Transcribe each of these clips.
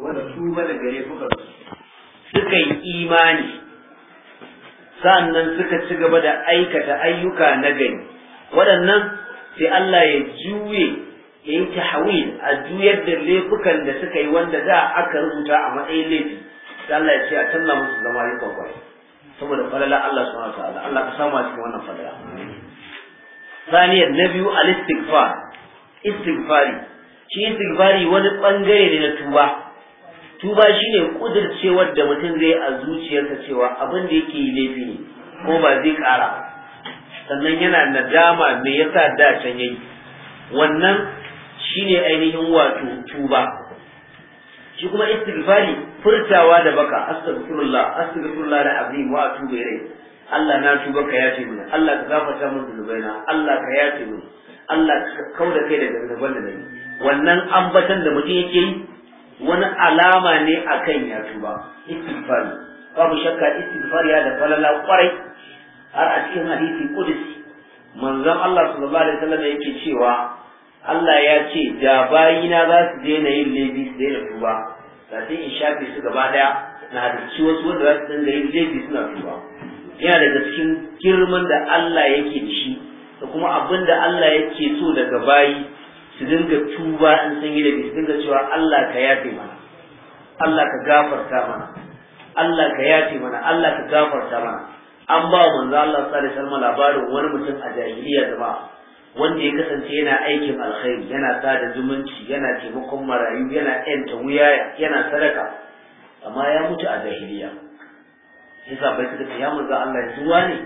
wanda tuba da gare kuka suka yi imani sannan suka ci gaba da aikata ayyuka na gani. waɗannan sai Allah ya juye ya yi tahawil a juyar da laifukan da suka yi wanda da aka rubuta a matsayin laifi sai Allah ya ce a tanna musu zama yi kwakwai saboda falala Allah subhanahu wa ta'ala Allah ka samu a cikin wannan falala saniyar na biyu al istighfar istighfari shi istighfari wani bangare ne na tuba tuba shine kudircewar da mutum zai a zuciyarsa cewa abin da yake yi laifi ne ko ba zai ƙara sannan yana nadama me yasa da can yayi wannan shine ainihin wato tuba shi kuma istighfari furtawa da baka astaghfirullah astaghfirullah da azim wa tuba rai. Allah na tuba ka yace mini Allah ka gafarta min zunubaina Allah ka yace mini Allah ka kauda kai daga zunuban da nayi wannan ambatan da mutum yake yi wani alama ne akan ya tuba istighfari babu shakka istighfar ya da falala kwarai har a cikin hadisi kudusi manzon Allah sallallahu da wasallam yake cewa Allah ya ce da bayina za su daina yin lebi su daina tuba da sai in shafe su gaba daya na halarci wasu wanda za su dinga yin laifi suna tuba yana daga cikin girman da Allah yake da shi da kuma abin da Allah yake so daga bayi su dinga tuba in sun yi da su dinga cewa Allah ka yafe mana Allah ka gafarta mana Allah ka yafe mana Allah ka gafarta mana an ba wa manzo Allah sallallahu alaihi wasallam labarin wani mutum a jahiliya jama'a wanda ya kasance yana aikin alkhairi yana sada zumunci yana taimakon marayu yana yanta wuya yana sadaka amma ya mutu a jahiliya sai bai suka ce ya manzo Allah ya zuwa ne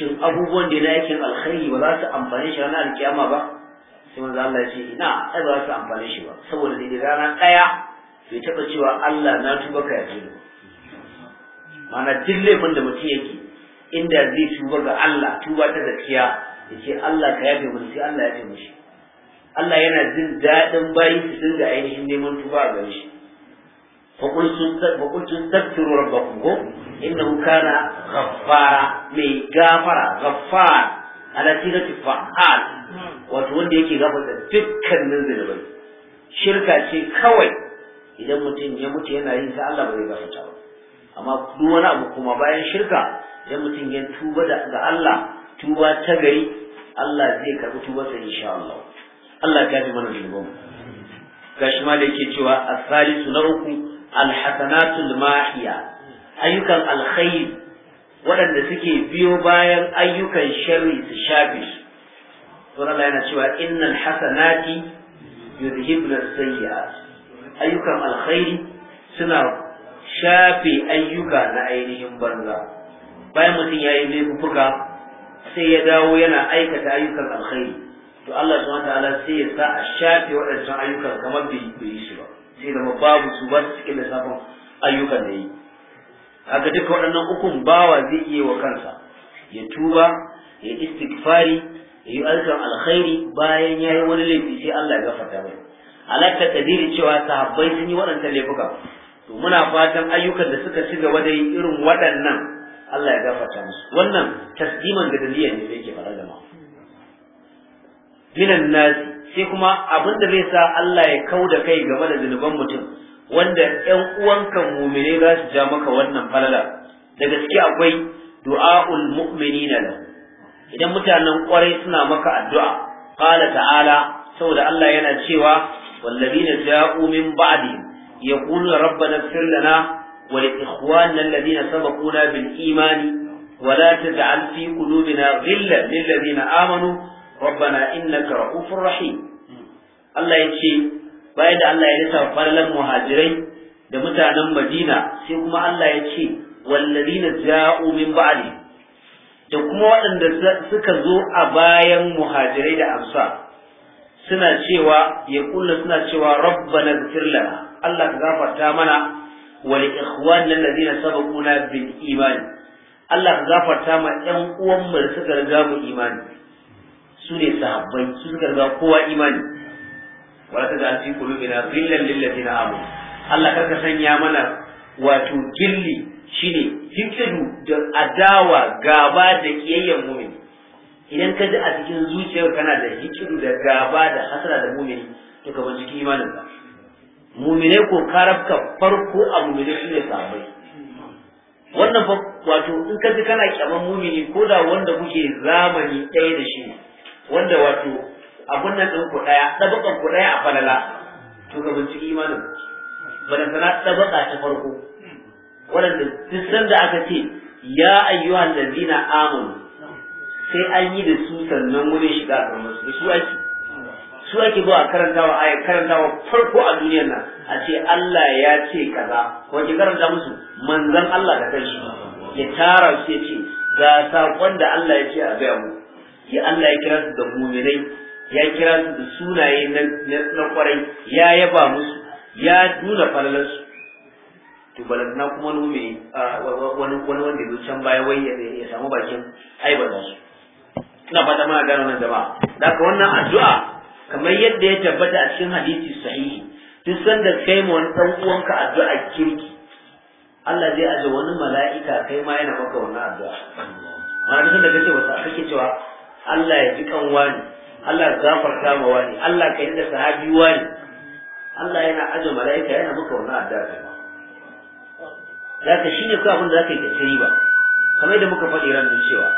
shin abubuwan da na alkhairi ba za su amfane shi ranar kiyama ba sai manzo Allah ya ce ina ai ba su amfani shi ba saboda dai rana daya bai taba cewa Allah na tuba ka yaje ba mana duk laifin da mutum yake inda zai tuba ga Allah tuba ta gaskiya yace Allah ka yafe mun sai Allah ya yafe Allah yana jin daɗin bayi su dinga ainihin neman tuba a gare shi فقلت استغفروا ربكم هو انه كان غفارا مي gafara, غفار على سيره فعال wato wanda yake gafarta dukkanin zunubai shirka ce kawai idan mutum ya mutu yana yin ta Allah bai zai gafarta ba amma duk wani abu kuma bayan shirka idan mutum ya tuba ga Allah tuba ta gari Allah zai karɓi sa insha Allah Allah ya ji mana zunubanmu gashi ma da yake cewa Salisu na uku alhasanatul mahiya ayyukan alkhairi waɗanda suke biyo bayan ayyukan sharri su shafi su don Allah yana cewa innal hasanati yuzhibna sayyi'at ayyukan alkhairi suna shafe ayyuka na ainihin banza bayan mutum ya yi laifuka sai ya dawo yana aikata ayyukan alkhairi to Allah subhanahu ta'ala sai ya sa a shafe waɗancan ayyukan kamar bai yi su ba sai zama babu su ba su cikin lissafin ayyukan da yi haka duka waɗannan ukun bawa zai iya wa kansa ya tuba ya istighfari yi aikin alkhairi bayan ya yi wani laifi sai Allah ya gafarta mai alaka kadiri cewa sahabbai sun yi waɗannan laifuka to muna fatan ayyukan da suka ci gaba da irin waɗannan Allah ya gafarta musu wannan tasdiman da dalilin ne da yake fara da ma minan nasi sai kuma abin da zai sa Allah ya kau da kai game da zunuban mutum wanda ƴan uwanka mu'mini za su ja maka wannan falala da gaske akwai du'a'ul mu'minina lahu idan mutanen kwarai suna maka addu'a qala ta'ala saboda Allah yana cewa wallazina ja'u min ba'dihim yaquluna rabbana ighfir lana wa li ikhwanina alladhina sabaquna bil imani ولا تجعل في قلوبنا غلا للذين آمنوا ربنا إنك رؤوف رحيم الله يجي bayan da Allah ya lissa farlan muhajirai da mutanen Madina sai kuma Allah ya ce wallazina ja'u min ba'di da kuma waɗanda suka zo a bayan muhajirai da amsa suna cewa ya kulla suna cewa rabbana na lana Allah ka gafarta mana wa li zina alladhina sabaquna bil iman Allah ka gafarta ma ƴan uwan mu da suka riga mu imani su ne sahabbai su suka riga kowa imani Wata ta da fi qulubina ghillan lil ladina amanu Allah karka sanya mana wato gilli shine hikidu da adawa gaba da kiyayyen mumin idan ka ji a cikin zuciyar kana da hikidu da gaba da hasara da mumini to ka ban cikin imanin ka muminai ko karabka farko a muminai ne sabai wannan fa wato in ka ji kana kyaman mumini ko da wanda kuke zamani ɗaya da shi wanda wato abun nan ɗin ku ɗaya ɗabakan ku ɗaya a falala to ka ban cikin imanin ba da sana ɗabaka ta farko waɗanda duk sanda aka ce ya ayyuhan lazina amanu sai an yi da su sannan wani shiga a da su ake su ake zuwa karantawa a karantawa farko a duniyar nan a ce Allah ya ce kaza ki karanta musu manzan Allah da kanshi ya tara su ya ce ga sakon da Allah ya ce a gaya mu ya Allah ya kira su da muminai ya kira su da sunaye na kwarai ya yaba musu ya nuna falalarsu to na kuma wani mai wani wanda ya can baya wai ya samu bakin aibata su ina fata muna gano nan jama'a da ka wannan addu'a kamar yadda ya tabbata a cikin hadisi sahihi duk sanda kai ma wani dan uwanka addu'a kirki Allah zai aje wani mala'ika kai ma yana maka wannan addu'a amma duk sanda kace wasa kake cewa Allah ya ji kan wani Allah ya gafarta ma wani Allah ka yi da sahabi wani Allah yana aje mala'ika yana maka wannan addu'a zaka shi ne abin da zaka yi ta ba, kamar yadda muka faɗi ran da cewa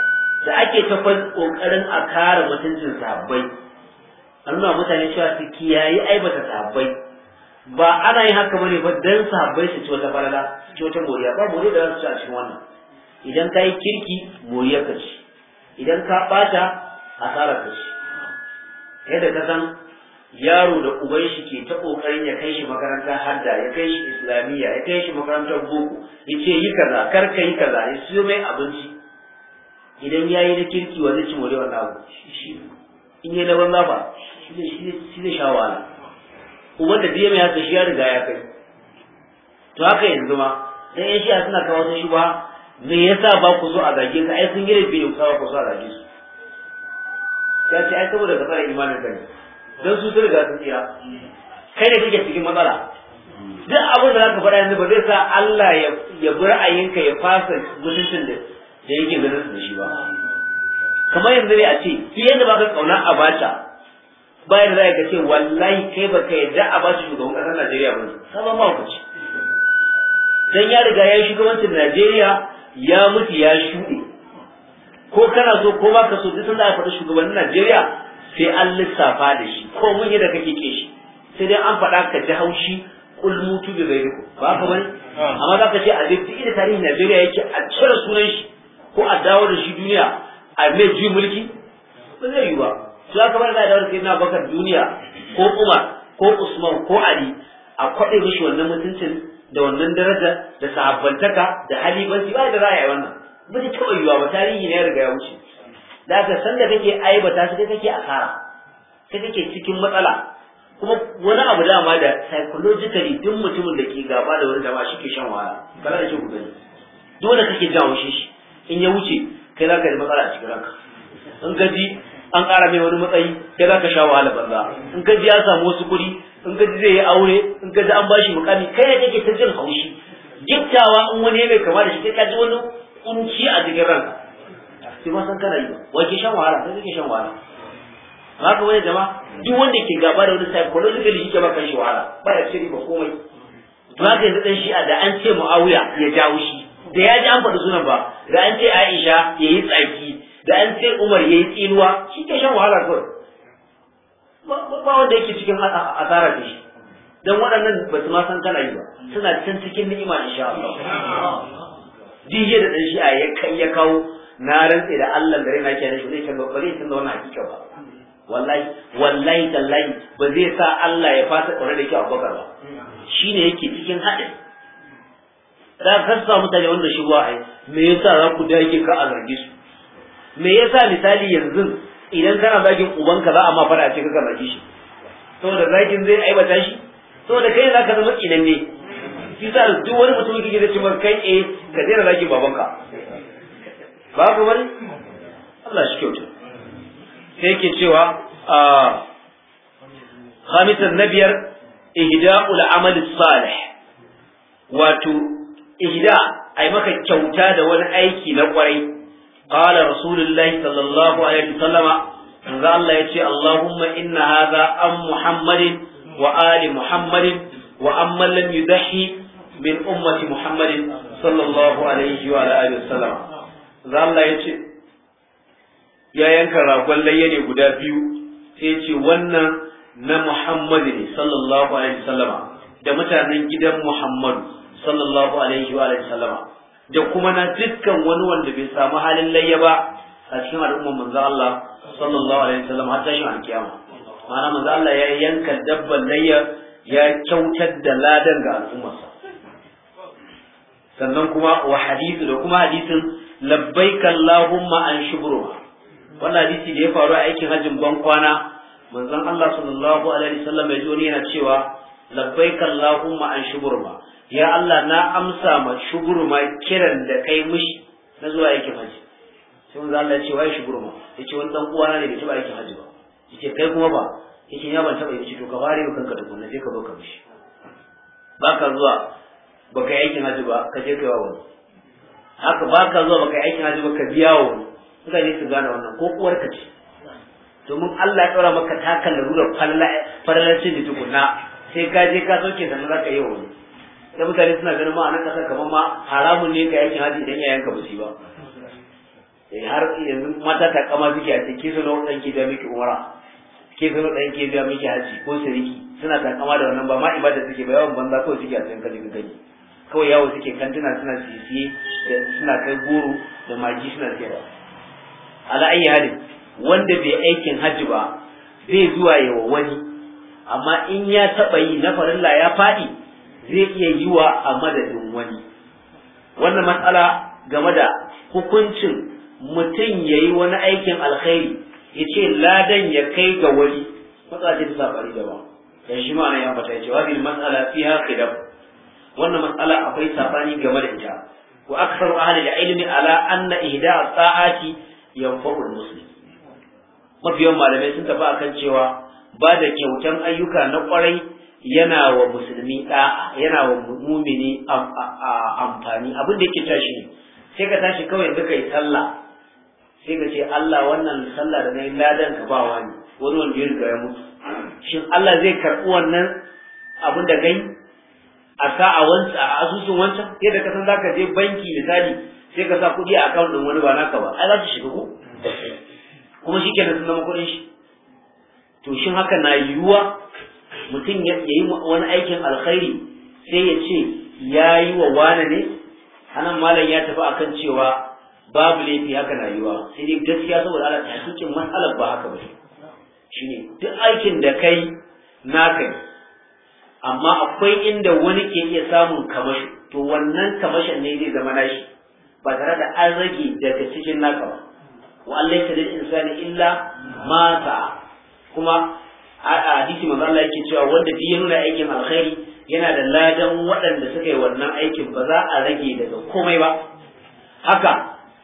da ake ta kokarin a kare mutuncin sahabbai an nuna mutane cewa su kiyaye aibata sahabbai ba ana yin haka bane ba dan sahabbai su ci wata falala su ci wata moriya ba moriya da za su ci a cikin wannan idan ka yi kirki moriya ka ci idan ka ɓata asara ka ci yadda ka san yaro da uban shi ke ta kokarin ya kai shi makarantar hadda ya kai shi islamiyya ya kai shi makarantar boko ya ce yi kaza kar ka yi kaza ya siyo mai abinci idan ya yi na kirki wa zai ci more wannan abu in yi na banza ba shi zai shawara. wahala uban da biya mai haka shi ya riga ya kai to haka yanzu ma dan yan a suna kawo su ba me yasa ba ku so a zage ka ai sun yi da biyu ku zo a zage su ya ce ai saboda ka fara imanin kai ne don su sun riga sun tsira kai da kike cikin matsala duk abin da zaka faɗa yanzu ba zai sa Allah ya bi ra'ayinka ya fasa mutuncin da da yake ganin da shi ba kamar yanzu ne a ce shi yanda ba ka kauna a bata bayan da ka ce wallahi kai ba ka yadda a bata shugaban ƙasar Najeriya ba sabon mahaukaci dan ya riga ya shugabancin Najeriya ya mutu ya shuɗe ko kana so ko ba ka so duk da aka faɗi shugabannin Najeriya sai an lissafa da shi ko mun yadda kake ke shi sai dai an faɗa ka ji haushi kul mutu bi bai ba ka bane ah. amma za ka ce a duk inda tarihin Najeriya yake a cire sunan shi ko a dawo da shi duniya a mai ji mulki ba zai yi ba su aka bar da dawar sai na bakar duniya ko Umar ko Usman ko Ali a kwaɗe mishi wannan mutuncin da wannan daraja da sahabbantaka da halibanci ba da ra'ayi wannan ba ta taɓa yiwuwa ba tarihi ne ya riga ya wuce daga ka san da kake aibata shi kake asara sai kake cikin matsala kuma wani abu dama da psychologically duk mutumin da ke gaba da wani dama shi ke shan wahala kana da ku gani dole kake jawo shi in ya wuce kai za ka yi matsala a cikin ranka in ka an ƙara mai wani matsayi kai za ka sha wahala banza in ka ya samu wasu kuɗi in ka zai yi aure in ka an bashi mukami kai ne kake ta jin haushi giftawa in wani ya mai kama da shi kai ka ji wani kunci a cikin ranka sai ma san kana yi wa ke shan wahala sai ke shan wahala ba ka wani jama duk wanda ke gaba da wani psychologically ke maka shi wahala ba ya shiri ba komai ba ka yanzu dan a da an ce muawiya ya jawo shi da ya ji an faɗi sunan ba da an ce aisha ya yi tsaki da an ce umar ya yi tsinuwa shi ke shan wahala kawai ba wanda yake cikin asara da shi dan waɗannan ba su ma san kana yi ba suna can cikin ni'ima insha Allah duk da dan shi'a ya kawo na rantse da Allah da rina kenan shi zai canza ba zai tunda wannan hakika ba wallahi wallahi tallahi ba zai sa Allah ya fasa ƙwarar da ke Abubakar ba shine yake cikin haɗin da kan sa mutane wanda shi wa'ai me yasa za ku dage ka a zargi su me yasa misali yanzu idan kana uban ubanka za a ma fara ce ka zargi shi saboda zakin zai aibata shi saboda kai za ka zama kinan ne shi sa duk wani mutum yake da cewa kai eh ka daina zakin babanka babu wani Allah shi kyauta sai ke cewa a khamisan na biyar ihida amal salih wato ihda ai maka kyauta da wani aiki na kwarai qala rasulullahi sallallahu alaihi wasallama manzo Allah yace Allahumma inna hadha an muhammadin wa ali muhammadin wa amma lam yudahi min ummati muhammadin sallallahu alaihi wa alihi wasallama Allah ya ce ya yanka ragon layya ne guda biyu sai ce wannan na Muhammadu ne sallallahu alaihi wasallama da mutanen gidan Muhammadu sallallahu alaihi wa sallama da kuma na dukkan wani wanda bai samu halin layya ba a cikin al'ummar manzo Allah sallallahu alaihi wasallam har tashin alkiyama ma'ana manzo Allah ya yanka dabban layya ya kyautar da ladan ga al'ummarsa sannan kuma wa hadisi da kuma hadisin labbaik Allahumma an shubruha wannan hadisi da ya faru a aikin hajjin ban kwana manzon Allah sallallahu alaihi wasallam ya ji wani yana cewa labbaik Allahumma an shubruha ya Allah na amsa ma shubruha kiran da kai mishi na zuwa aikin hajji sai manzon Allah ya ce wai Ya yace wani dan na ne bai taba aikin hajji ba yace kai kuma ba yace ya ban taba yace to ka ka kanka da kunna sai ka ka mishi baka zuwa baka yi aikin hajji ba ka je kai wa wani haka ba ka zuwa baka aikin haji baka biya wa wani mutane su gane wannan ko uwarka ce domin Allah ya ɗora maka takan rura farallacin da tukuna sai ka je ka soke sannan za ka yi wa wani da mutane suna ganin ma a nan ƙasar kamar ma haramun ne ka aikin haji idan yayanka ba su ba eh, har yanzu mata ta kama suke a cikin su na ke biya miki umara ke su wannan ke biya miki haji ko siriki suna ta kama da wannan ba ma ibada suke ba yawan banza kawai suke a cikin kalli gani kawai yawo suke kantuna suna sisiye suna kai goro da maji suna siyarwa ala ayi halin wanda bai aikin hajji ba zai zuwa yawa wani amma in ya taɓa yi na farilla ya faɗi zai iya yiwa a madadin wani wannan matsala game da hukuncin mutum ya yi wani aikin alkhairi ya ce ladan ya kai ga wani matsala ce ta saɓari da ba dan shi ma'ana ya fata ya ce wa bil haka da khilaf wannan matsala akwai sabani game da ita wa aktsaru ahli ilmi ala anna ihda sa'ati yanfa'u al-muslim mafiyan malamai sun tafi akan cewa ba da kyautan ayyuka na kwarai yana wa musulmi da'a yana wa mumini amfani abin da yake tashi sai ka tashi kawai yanzu kai sallah sai ka ce Allah wannan sallah da nayi ladan ka ba wani wani wanda ya riga ya mutu shin Allah zai karɓi wannan abin da kai a sa a wancan a asusun wancan yadda ka san zaka je banki misali sai ka sa kuɗi a account din wani ba naka ba ai za su shiga ko kuma shi kenan sun zama kuɗin shi to shin haka na yiwuwa mutum ya yi wani aikin alkhairi sai ya ce ya yi wa wane ne anan malam ya tafi akan cewa babu laifi haka na yiwuwa sai dai gaskiya saboda ala hakikin matsalar ba haka ba shine duk aikin da kai naka ne amma akwai inda wani ke iya samun kamashi to wannan kamashin ne zai zama nashi ba tare da an rage daga cikin naka ba wa Allah ta dai insani illa mata. kuma a hadisi manzo Allah yake cewa wanda bi ya aikin alkhairi yana da ladan waɗanda suka yi wannan aikin ba za a rage daga komai ba haka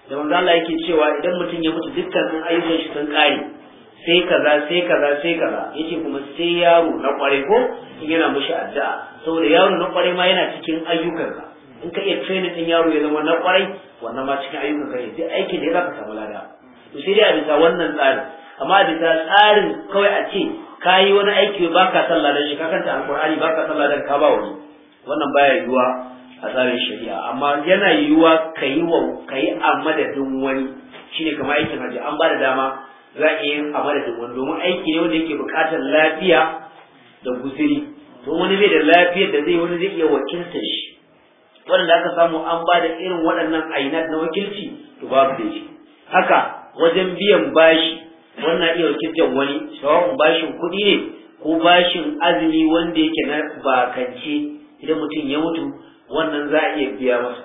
da manzo Allah yake cewa idan mutum ya mutu dukkan ayyukan shi sun kare sai kaza sai kaza sai kaza yake kuma sai yaro na kware ko in yana mushi addu'a saboda yaro na kware ma yana cikin ayyukan ka in ka iya training din yaro ya zama na kware wannan ma cikin ayyukan ka ne duk aikin da zaka samu lada to sai dai a bisa wannan tsari amma a bisa tsarin kawai a ce ka yi wani aiki ba ka sallah ladan shi ka kanta alkur'ani ba ka sallah ladan ka ba wani wannan baya yiwuwa a tsarin shari'a amma yana yiwuwa ka yi wa ka yi a madadin wani shine kamar aikin hajji an ba da dama za a yi a madadin wani domin aiki ne wanda yake bukatar lafiya da guziri to wani mai da lafiyar da zai wani zai iya wakilta shi wanda aka samu an ba da irin waɗannan aina na wakilci to babu da shi haka wajen biyan bashi wannan iya wakiltar wani shawarar bashin kuɗi ne ko bashin azumi wanda yake na bakance idan mutum ya mutu wannan za a iya biya masa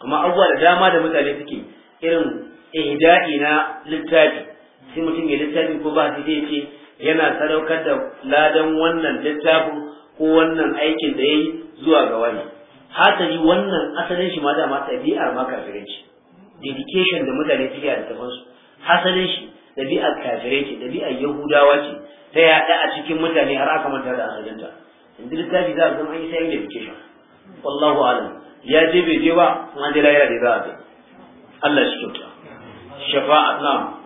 amma abubuwa da dama da mutane suke irin ihda'i na littafi shi mutum ya littafi ko ba shi zai ce yana sadaukar da ladan wannan littafin ko wannan aikin da ya yi zuwa ga wani hatari wannan asalin shi ma dama ɗabi'ar ma kafirai dedication da mutane suke a su asalin shi ɗabi'ar kafirai ce ɗabi'ar yahudawa ce ta yaɗa a cikin mutane har aka manta da asalinta yanzu littafi za a zama an yi sayan dedication wallahu alam ya je bai je ba an je lahira da za a Allah shi kyauta shafa'a na'am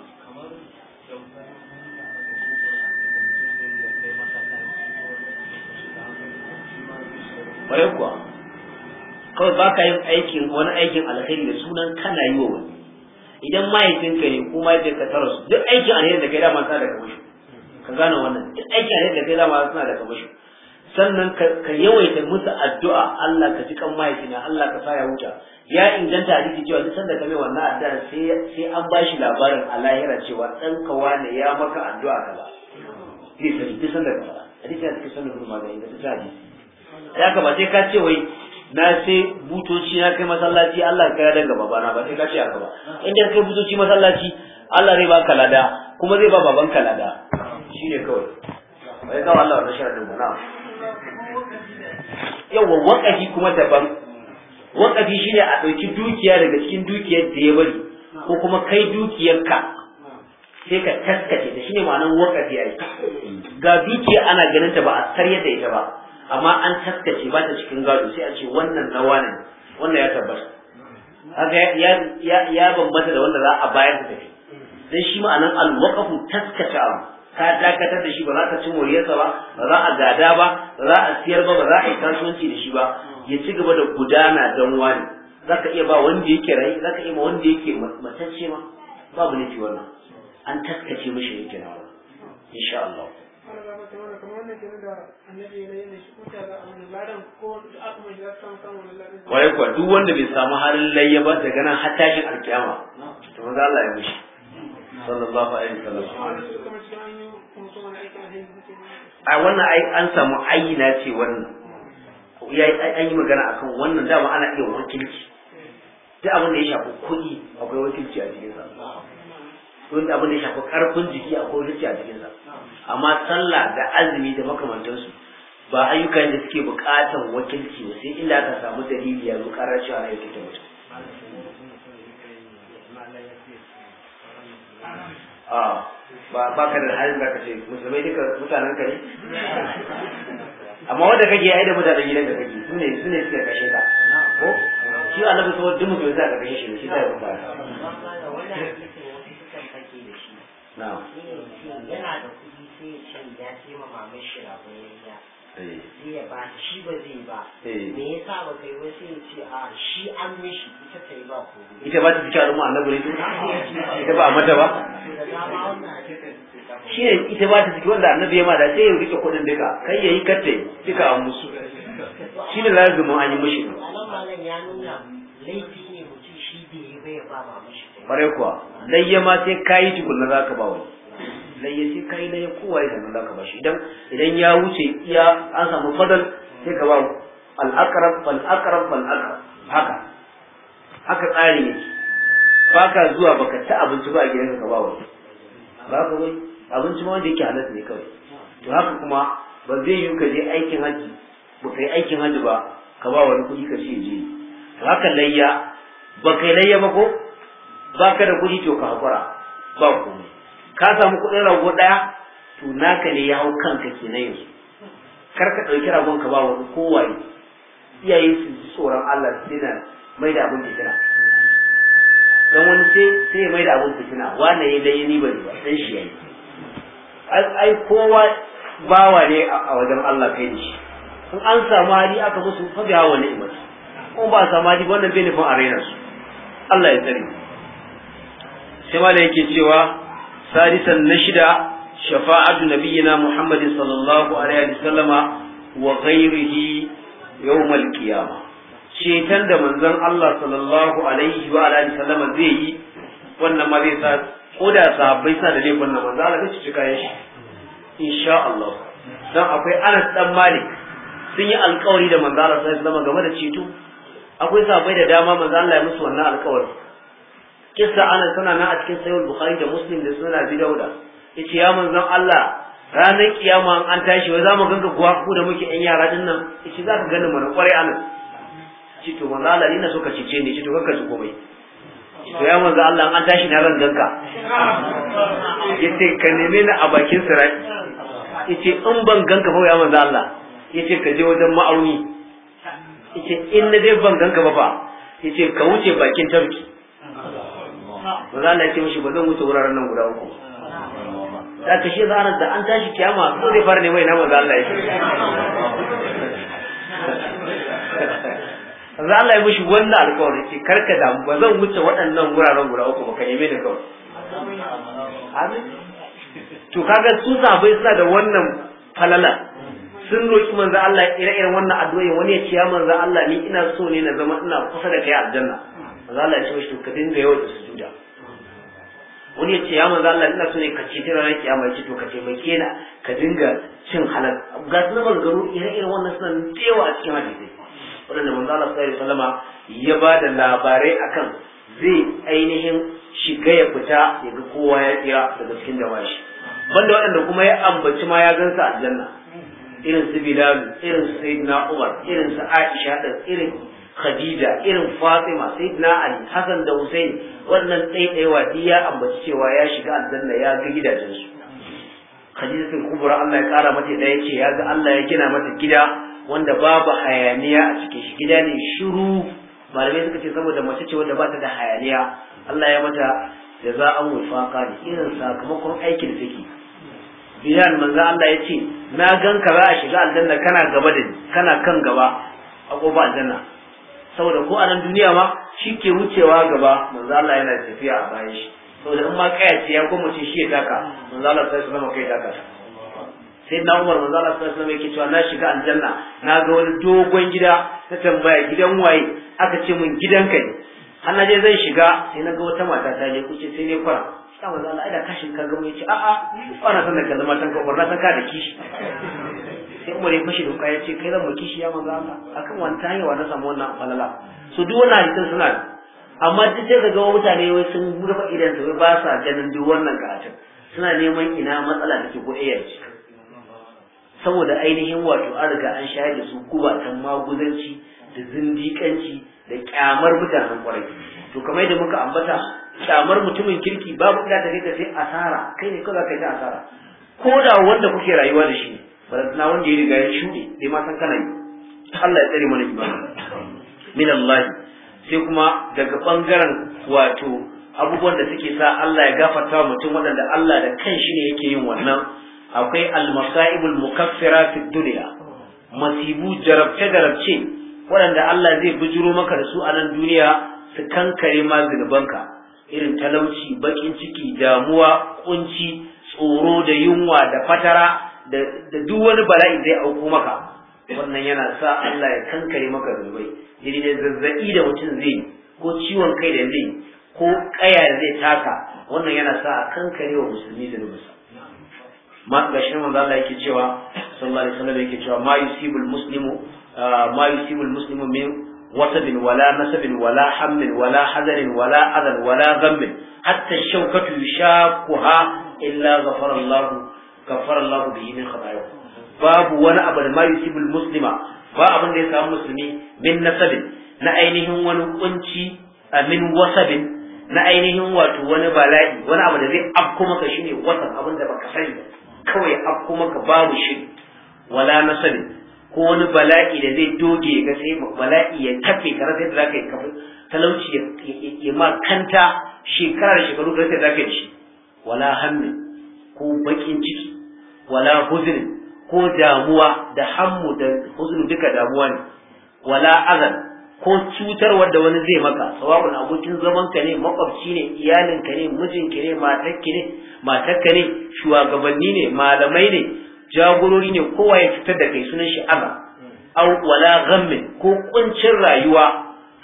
ƙwarai kuwa kawai ba ka yin aikin wani aikin alkhairi da sunan kana yi wa wani idan mahaifinka ne ko mahaifinka ta rasu duk aikin alheri da kai dama suna da kamar ka gane wannan duk aikin alheri da kai dama suna da kamar sannan ka yawaita musu addu'a Allah ka ji kan mahaifina Allah ka sa ya huta ya inganta hadisi cewa duk sanda ka mai wannan addu'a sai sai an bashi labarin a lahira cewa dan ka wane ya maka addu'a kaza sai sai duk sanda ka fara hadisi ya cikin sanin magani da ta hadisi ya ka ba sai ka ce wai na sai butoci na kai masallaci Allah ka ya gaba babana. ba sai ka ce haka ba inda kai butoci masallaci Allah zai baka lada kuma zai ba baban ka lada ne kawai wai ga Allah wannan sharadin ba na yawa wakafi kuma daban wakafi shine a dauki dukiya daga cikin dukiyar da ya bari ko kuma kai dukiyarka sai ka taskace ta shine ma'anar wakafi ai ga dukiya ana ganin ta ba a sarye da ita ba amma an taskace ba ta cikin gado sai a ce wannan na ne wannan ya tabbata haka ya bambanta da wanda za a bayar da tafi dan shi al alwaqafu taskace abu ka dakatar da shi ba za ka ci moriyarsa ba ba za a gada ba ba za a siyar ba ba za a yi kasuwanci da shi ba ya ci gaba da gudana dan wani za ka iya ba wanda yake rai za ka iya ma wanda yake matacce ma babu nufi wannan an taskace mishi yake na wannan insha Allah Wai kuwa duk wanda bai samu halin layya ba daga ganin hatashin alkiyama to maza Allah ya mushi, sallallahu alaihi wasallam a wannan ai an samu ayi na ce wannan ya an yi magana a kan wannan dama ana iya wakilci duk abin da ya shafi kuɗi akwai wakilci a cikin sa don abin da ya shafi karfin jiki a kowace jiki a jikinsa amma sallah da azumi da makamantansu ba ayyukan da suke buƙatar wakilci ba sai illa ka samu dalili ya zo ƙarar cewa na yake ta a ba ba ka da halin da ka ce musulmai duka mutanen ka ne amma wanda kake yi da mutanen gidan da kake su ne su ne suka kashe ka ko shi annabi sallallahu alaihi duk mutum ya ka kashe shi shi sai ya yana da kuɗi sai ya ya shi eh. sai ya ba shi ba zai ba eh. me sa ba kai wai sai ya ce a shi an mishi ita ta yi ba ko ita ba ta cikin al'umma annabi ne ita ba a mata ba shi ne ita ba ta cikin wanda annabi ya ma da sai ya rike kuɗin duka kai ya yi katte duka a musu shi ne lazumin an yi mishi ya nuna laifi ne mutum shi bai yi ba mishi. Ƙwarai kuwa. layya ma sai kayi tukunna za ka ba wani layya sai yi layya kowa ya sannan za ka ba shi idan idan ya wuce iya an samu fadal sai ka ba al'akarar fal'akarar fal'akarar haka haka tsari ne ba ka zuwa ba ka ci abinci ba a gidanka ka ba wani ba ka wai abinci ma wanda yake halatta ne kawai to haka kuma ba zai yi ka je aikin hajji ba ka yi aikin hajji ba ka ba wani kuɗi ka ce je to haka layya ba kai layya ba ko ba ka da kuɗi to ka haƙura ba komai ka samu kuɗin rago ɗaya to naka ne ya hau kanka kenan yanzu kar ka ɗauki ragon ka ba wani kowaye iyaye su ji tsoron Allah su dina mai da abin fitina dan wani sai sai ya mai da abin fitina wane ya dai ni ba dan shi yayi ai kowa bawa ne a wajen Allah kai shi in an samu hali aka musu fa ga wani imani kuma ba samu hali wannan bai nufin a su Allah ya tsare sai malai yake cewa sadisan na shida shafa'atu nabiyyina muhammadin sallallahu alaihi wa wasallama wa ghairihi yawmal qiyama cetan da manzon Allah sallallahu alaihi wa alihi wasallama zai yi wannan ma zai sa ko sahabbai sa da laifin nan manzo Allah zai ci kayan shi insha Allah dan akwai Anas dan Malik sun yi alƙawari da manzo Allah sallallahu alaihi wasallama game da ceto akwai sahabbai da dama manzo Allah ya musu wannan alƙawari kissa ana suna nan a cikin sayyid bukhari da muslim da sunan abi dauda yace ya manzon Allah ranar kiyama an tashi wa zamu ganka kuwa ku da muke ɗan yara din nan yace zaka gani mana kwarai anan yace to manzon Allah ina so ka cice ni yace to kanka ji komai to ya manzon Allah an tashi na ran ganka yace ka neme ni a bakin sirai yace in ban ganka fa ya manzon Allah yace ka je wajen ma'auni yace in na dai ban ganka ba fa yace ka wuce bakin tarki ba za a ce mishi ba zan wuce wuraren nan guda uku da ka shi zanar da an tashi kyama ko zai fara mai na manzo Allah yake za Allah ya mishi wannan alƙawari ce karka damu ba zan wuce waɗannan wuraren guda uku ba ka yi mini kawai amin to kaga su sabai suna da wannan falala sun roki manzo Allah ire-iren wannan addu'a wani ya ce ya manzo Allah ni ina so ne na zama ina kusa da kai aljanna manzo Allah ya ce mishi ka dinga yawan sujuda wani ya ce ya manzo Allah ina so ne ka ce tana ki amma ce to ka ce mai kena ka dinga cin halal ga sunan magaru ire irin wannan suna tewa a cikin hadisi wanda manzo Allah sallallahu alaihi wasallama ya ba da labarai akan zai ainihin shiga ya fita ya ga kowa ya tsira daga cikin dawashi banda waɗanda kuma ya ambaci ma ya gansa aljanna irin su bilal irin su sayyidina umar irin su aisha da irin khadija irin fatima na ali hasan da Hussein wannan tsaitsayewa duk ya ambaci cewa ya shiga aljanna ya ga gidajensu sun kubra Allah ya kara mata da yace ya ga Allah ya gina mata gida wanda babu hayaniya a cikin shi gida ne shiru malamai suka ce saboda mace ce wanda ba ta da hayaniya Allah ya mata da za an wufaka da irin sakamakon aikin take bilal manzo Allah ya ce na ganka za a shiga aljanna kana gaba da ni kana kan gaba a kofa aljanna saboda ko a nan duniya ma shi ke wucewa gaba manzo Allah yana tafiya a bayan shi saboda in ma kaya ce ya koma ce shi ya taka manzo Allah sai su zama kai taka sai na Umar manzo Allah sai su yake cewa na shiga aljanna na ga wani dogon gida ta tambaya gidan waye aka ce min gidan kai Allah je zai shiga sai na ga wata mata ta je kuce sai ne kwara sai manzo Allah ai da kashin ka ga mu yace a'a kwana sanar ka zama tan ka san ka da kishi sai umar ya fashe doka ya ce kai zan maki shi ya manzo Allah akan wani hanyar wa na samu wannan falala so duk wannan hadisin suna amma duk sai ka ga mutane wai sun rufe idan su ba sa ganin duk wannan karatun suna neman ina matsala take ko iya ce saboda ainihin wato an riga an shayar da su kubatan maguzanci da zindikanci da kyamar mutanen kwarai to kamar yadda muka ambata kyamar mutumin kirki babu ina da kai ka sai asara kai ne kawai ka yi asara ko da wanda kuke rayuwa da shi ne. na wanda ya riga ya shuɗe sai ma san kana yi Allah ya tsare mana min Allah sai kuma daga bangaren wato abubuwan da suke sa Allah ya gafarta mutum waɗanda Allah da kanshi ne yake yin wannan akwai al-masaibul mukaffira fi dunya masibu jarabce jarabce waɗanda Allah zai bujuro maka da su a nan duniya su kankare ma zunubanka irin talauci baƙin ciki damuwa kunci tsoro da yunwa da fatara da duk wani bala'i zai auku maka wannan yana sa Allah ya kankare maka zunubai jini da zazzabi da mutum zai ko ciwon kai da zai ko kaya da zai taka wannan yana sa a kankare wa musulmi zunubinsa ma ga shi manzo Allah yake cewa sallallahu alaihi wasallam yake cewa ma yusibul muslimu ah, ma yusibul muslimu min وصب ولا نسب ولا حمل ولا حذر ولا أذى ولا ذنب حتى الشوكة يشاقها illa غفر الله kafara Allah yi min khataaya babu wani abu da ma yusibul muslima ba abin da ya samu musulmi min nasabin na ainihin wani kunci a min wasabin na ainihin wato wani bala'i wani abu da zai afko maka shine wasan abin da baka sani kawai afko maka babu shi wala nasabin ko wani bala'i da zai doge ga sai bala'i ya kafe ka rasa yadda zaka yi kafin talauci ya ma kanta shekara da shekaru ka rasa da zaka shi wala hammin ko bakin ciki wala huzn ko damuwa da hammu da huzn duka damuwa ne wala azan ko cutar wanda wani zai maka sawa'un abokin zaman ka ne makwabci ne iyalin ka ne mijin ka ne matar ne matar ka ne shugabanni ne malamai ne jagorori ne kowa ya fitar da kai sunan shi azan aw wala ghammin ko kuncin rayuwa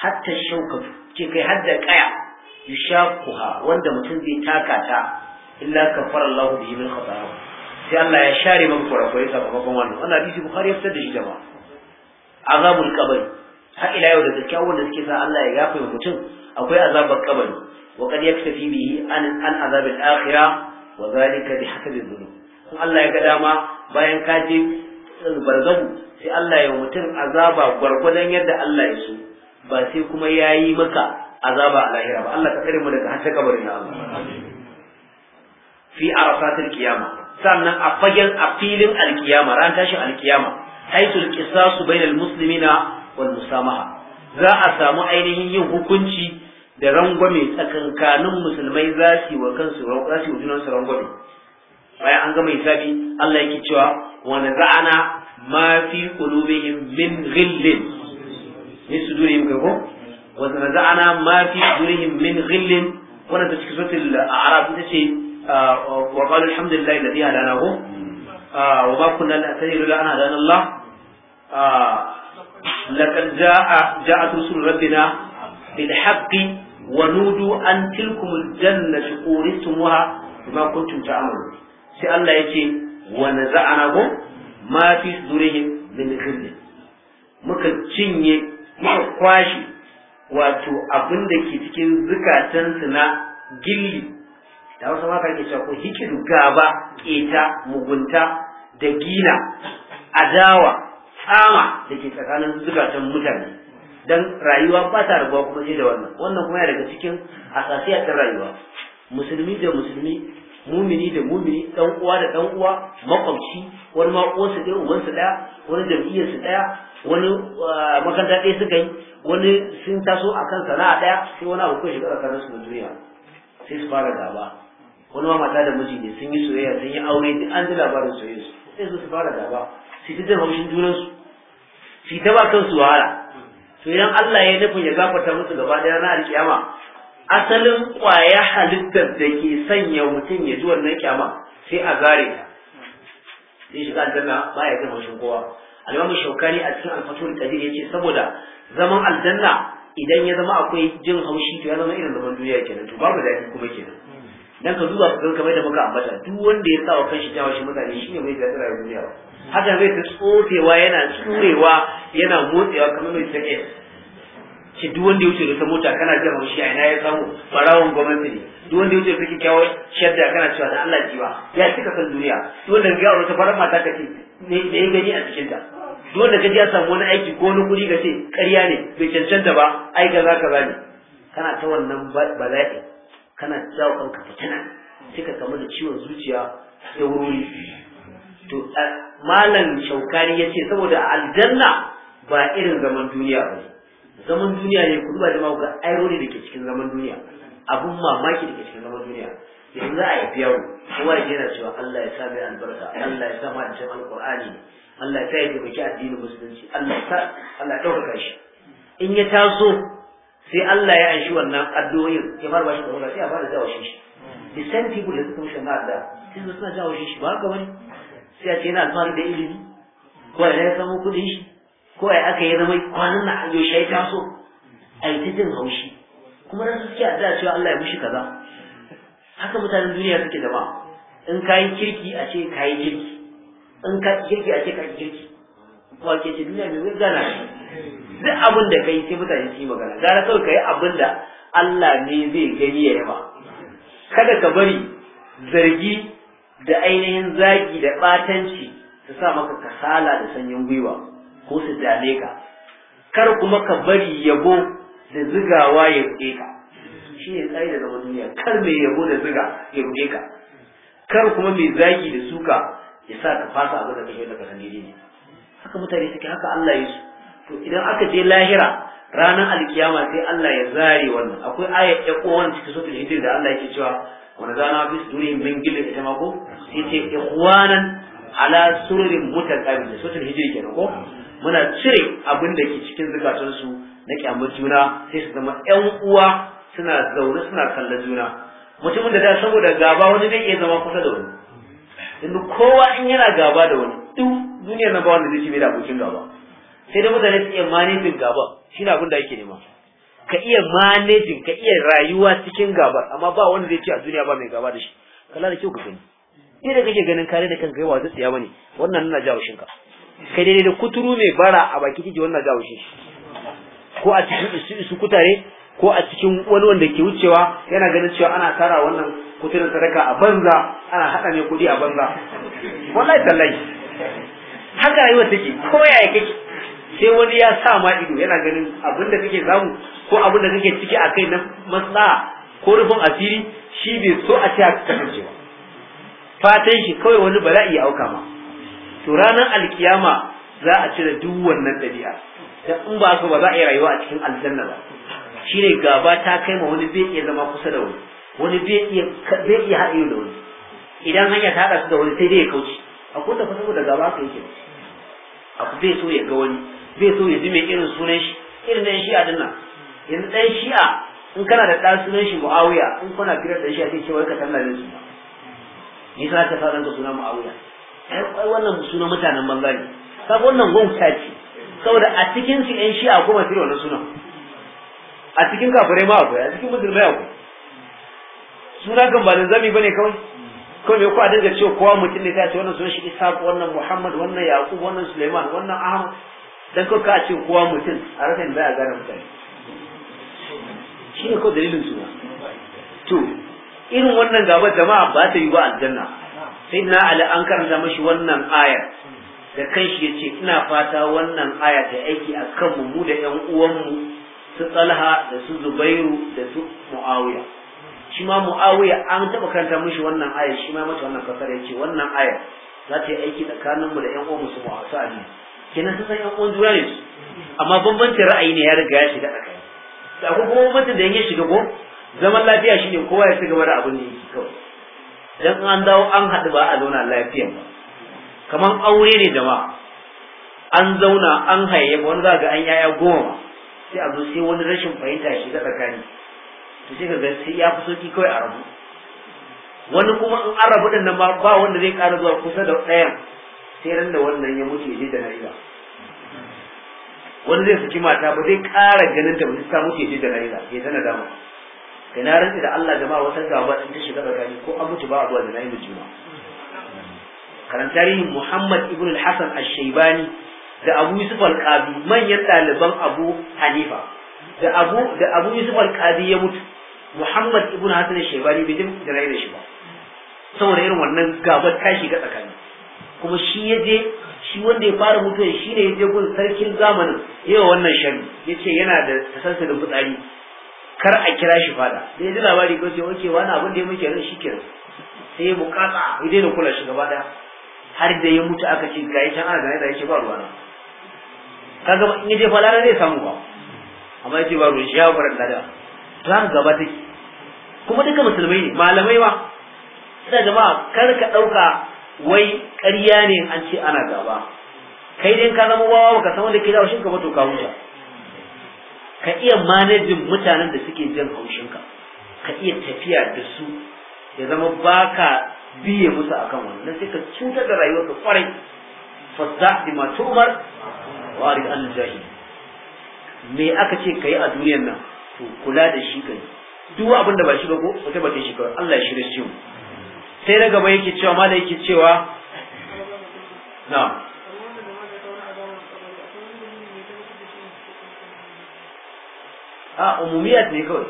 hatta shauka ke kai hadda kaya yushakuha wanda mutum zai taka ta illa kafara Allahu bihi min khata'a sai Allah ya share maka kurakurai sakamakon wannan wannan hadisi bukhari ya fitar da shi jama'a azabul qabri har ila yau da kyakkyawan da suke sa Allah ya yafe wa mutum akwai azabar qabri wa qad yaktafi bihi an an azabil akhirah wa zalika bi hasabi dhunub in Allah ya ga dama bayan ka je barzahu sai Allah ya mutum azaba gwargwadon yadda Allah ya so ba sai kuma yayi maka azaba a lahira ba Allah ka kare mu daga hatta kabarin Allah fi arafatil qiyamah sannan a fagen a filin alkiyama ran tashin alkiyama haitul qisasu bainal muslimina wal musamaha za a samu ainihin yin hukunci da rangwame tsakankanin musulmai za su wa kansu za su wa junansu rangwame bayan an gama hisabi Allah yake cewa wa naza'ana ma fi qulubihim min ghillin ne su dure mu ko wa naza'ana ma fi qulubihim min ghillin wannan ta cikin suratul a'raf ta ce wa qalu alhamdulillahi alladhi hadana hu wa ma kunna nahtadi lula an hadana Allah laqad jaa ja'at rusul rabbina bil haqqi wa nudu an tilkum aljannatu uritumuha bima kuntum ta'malun sai Allah yake wa naza'ana hu ma fi sudurihim min ghillin muka cinye muka kwashi wato abin da ke cikin zukatansu na gilli da wasu ma ke cewa ko hikir gaba keta mugunta da gina adawa tsama da ke tsakanin zukatan mutane don rayuwa ba ta rabuwa kuma sai da wannan wannan kuma ya daga cikin asasiyar rayuwa musulmi da musulmi mumini da mumini dan uwa da dan uwa makwabci wani ma uwansa ɗaya ɗaya wani jam'iyyar su ɗaya wani ah, makaranta ɗaya suka yi wani sun taso a kan sana'a ɗaya sai wani abu kai shiga tsakanin su na duniya sai su fara gaba wani ma mata da miji ne sun yi soyayya sun yi aure duk an ji labarin soyayya su sai su fara gaba su ta jin haushin junan su su ta ba kansu wahala to idan Allah ya nufin ya gafarta musu gaba ɗaya na alƙiyama asalin ƙwaya halittar da ke sanya mutum ya ji wannan kyama sai a gare ta sai shiga aljanna ba ya jin haushin kowa alimamu shaukani a cikin alfatul kadir ya ce saboda zaman aljanna idan ya zama akwai jin haushi to ya zama irin zaman duniya kenan to babu daɗi kuma kenan dan ka duba ka kamar da muka ambata duk wanda ya sa wa kanshi ta shi mutane shine mai da tsara duniya ba haka zai ta tsofewa yana tsurewa yana motsewa kamar mai take ki duk wanda ya wuce da mota kana jira shi a ina ya samu farawon gwamnati ne duk wanda ya wuce da kyakkyawar shadda kana cewa da Allah jiwa ya cika san duniya duk wanda ga wata farar mata ka ne ne ya gani a cikin ta duk wanda ka ya samu wani aiki ko wani kuri ka ce ƙarya ne bai cancanta ba ai kaza zaka bani kana ta wannan bala'i kana jawo kanka fitina kika kamar da ciwon zuciya da wuri to malam shaukari ya ce saboda aljanna ba irin zaman duniya ba zaman duniya ne ku duba jama'a ga irony da ke cikin zaman duniya abun mamaki da ke cikin zaman duniya yanzu za a yi biyawo kuma ya yana cewa Allah ya sa mai albarka Allah ya sa ma da alqur'ani Allah ya sa ya taimaki addinin musulunci Allah ya sa Allah ya ɗaukaka shi in ya taso sai Allah ya anshi wannan addu'o'in ya fara bashi tsoro sai ya fara jawo shi the same people da suka mishi na adda sai su suna jawo shi ba haka wani sai a ce yana alfahari da ilimi ko ya samu kuɗin shi ko ya aka yi zama kwanan na an yaushe ya taso a yi ta jin haushi kuma da suke adda cewa Allah ya mishi kaza haka mutanen duniya suke zama in ka yi kirki a ce ka yi kirki in ka kirki a ce ka yi kirki wake ce duniya mai zana duk abin da kai sai mutane su yi magana gara kawai kai abin da Allah ne zai gani ya yaba kada ka bari zargi da ainihin zagi da batanci su sa maka kasala da sanyin gwiwa ko su dame ka kar kuma ka bari yabo da zigawa ya buɗe ka shi ne tsari da zama duniya kar mai yabo da ziga ya buɗe ka kar kuma mai zagi da suka ya sa ka fasa abin da kake da ka san ne haka mutane suke haka Allah ya su to idan aka je lahira ranar alkiyama sai Allah ya zare wannan akwai ayat ya kowan cikin suratul hijr da Allah yake cewa wani zana fi sudurihim min gillin ita ma ko sai ce ikwanan ala sururin da suratul hijr ke ko muna cire abin da ke cikin zukatansu na kyamar juna sai su zama ƴan uwa suna zaune suna kallon juna mutumin da da saboda gaba wani zai iya zama kusa da wani yanzu kowa in yana gaba da wani duk duniyar na bawan wanda zai ci bai da abokin gaba sai dai mutane su iya manejin gaba shi ne abin da ake nema ka iya manejin ka iya rayuwa cikin gabar amma ba wanda zai ce a duniya ba mai gaba da shi kala da kyau ka gani ni da kake ganin kare da kanka yawa tsiya bane wannan nuna jawo shinka Ka daidai da kuturu mai bara a baki kike wannan jawo shi ko a cikin su kutare ko a cikin wani wanda ke wucewa yana ganin cewa ana tara wannan kuturin sadaka a banza ana haɗa mai kuɗi a banza wallahi tallahi haka rayuwar take ko yaya kake sai wani ya sa ma ido yana ganin abin da kake samu ko abin da kake ciki a kai na matsa ko rufin asiri shi bai so a ce haka kasance ba fatan shi kawai wani bala'i ya auka ma to ranar alkiyama za a cire duk wannan dabi'a da in ba so ba za a yi rayuwa a cikin aljanna ba shine gaba ta kai ma wani bai iya zama kusa da wani wani bai iya bai iya haɗe da wani idan hanya ta haɗa su da wani sai dai ya kauce akwai da saboda gaba ka yake Akwai bai so ya ga wani bai so ya ji mai irin sunan shi irin dan shi'a dinnan yanzu dan shi'a in kana da dan sunan shi mu'awiya in kana kira dan shi'a sai ce wai ka tallale su ni sai ta fara da sunan mu'awiya ai wannan sunan mutanen banza ne kaga wannan gwamnati ce saboda a cikin su yan shi'a kuma fira wannan sunan a cikin kafirai ma akwai a cikin musulmai akwai suna kan ba da zami bane kawai ko me kuwa dinga cewa kowa mutum ne ta ce wannan sunan shi Ishaq wannan Muhammad wannan Yaqub wannan Suleiman, wannan Ahmad dan ko ka ce kowa mutum a rasa inda ya gane mutane shi ne ko dalilin suna to irin wannan gaba jama'a ba ta yi ba aljanna sai na ala an karanta mashi wannan aya. da kan ya ce ina fata wannan aya ta aiki a kan mu da ƴan uwanmu su Talha da su Zubairu da su Muawiya shi ma muawiya an taba karanta mishi wannan aya shi ma mata wannan fasara ce wannan aya za ta yi aiki tsakanin mu da ƴan uwan musu su ba su ali kenan sun san ƴan uwan juna ne su. amma bambancin ra'ayi ne ya riga ya shiga tsakani da akwai kuma bambancin da ya shiga ko zaman lafiya shine kowa ya ci gaba da abin da yake kawai dan an dawo an haɗu ba a zauna lafiya ba kamar aure ne jama'a an zauna an haye wani za ga an yaya goma sai a zo sai wani rashin fahimta shi ga tsakani to sai ka ga sai ya fi ki kawai a rabu wani kuma in an rabu din nan ba wanda zai ƙara zuwa kusa da ɗayan sai ran da wannan ya mutu ya je da rayuwa wani zai saki mata ba zai ƙara ganin ta ba sai mutu ya je da rayuwa ya tana dama da na rantsi da Allah jama'a wata gaba in ta shiga tsakani ko an mutu ba a zuwa da rayuwa juna karan tarihin Muhammad ibn al-Hasan al-Shaybani da Abu Yusuf al-Qadi manyan ɗaliban Abu Hanifa da Abu da Abu Yusuf al-Qadi ya mutu Muhammad ibn hasan Shaibani bai jin da rayu shi ba saboda irin wannan gabar tashi ga tsakani kuma shi ya je shi wanda ya fara mutuwa shi ne ya je gun sarkin zamanin yawa wannan shan ya ce yana da da fitsari kar a kira shi fada da ya ji labari ko ce wace wani abin da ya muke nan shi kira sai ya bukata ya daina kula shi gaba da har da ya mutu aka ce ga can ana gane da yake ba ruwa kaga in je fada zai samu ba amma yake ba ruwa shi ya fara da da ran gaba take kuma duka musulmai ne malamai ba jama'a kar ka ɗauka wai ƙarya ne an ce ana gaba kai dai ka zama wawa baka san wanda ke da haushinka ba to ka huta ka iya manajin mutanen da suke jin haushinka ka iya tafiya da su ya zama baka biye musu akan wannan sai ka cutar da rayuwarka kwarai fasda bi ma tumar wa al jahil me aka ce kai a duniyar nan to kula da shi kai duk abin da ba shi ba ko ko ba ta shi kawai Allah ya shirye shi sai na gaba yake cewa mala yake cewa na a umumiyat ne kawai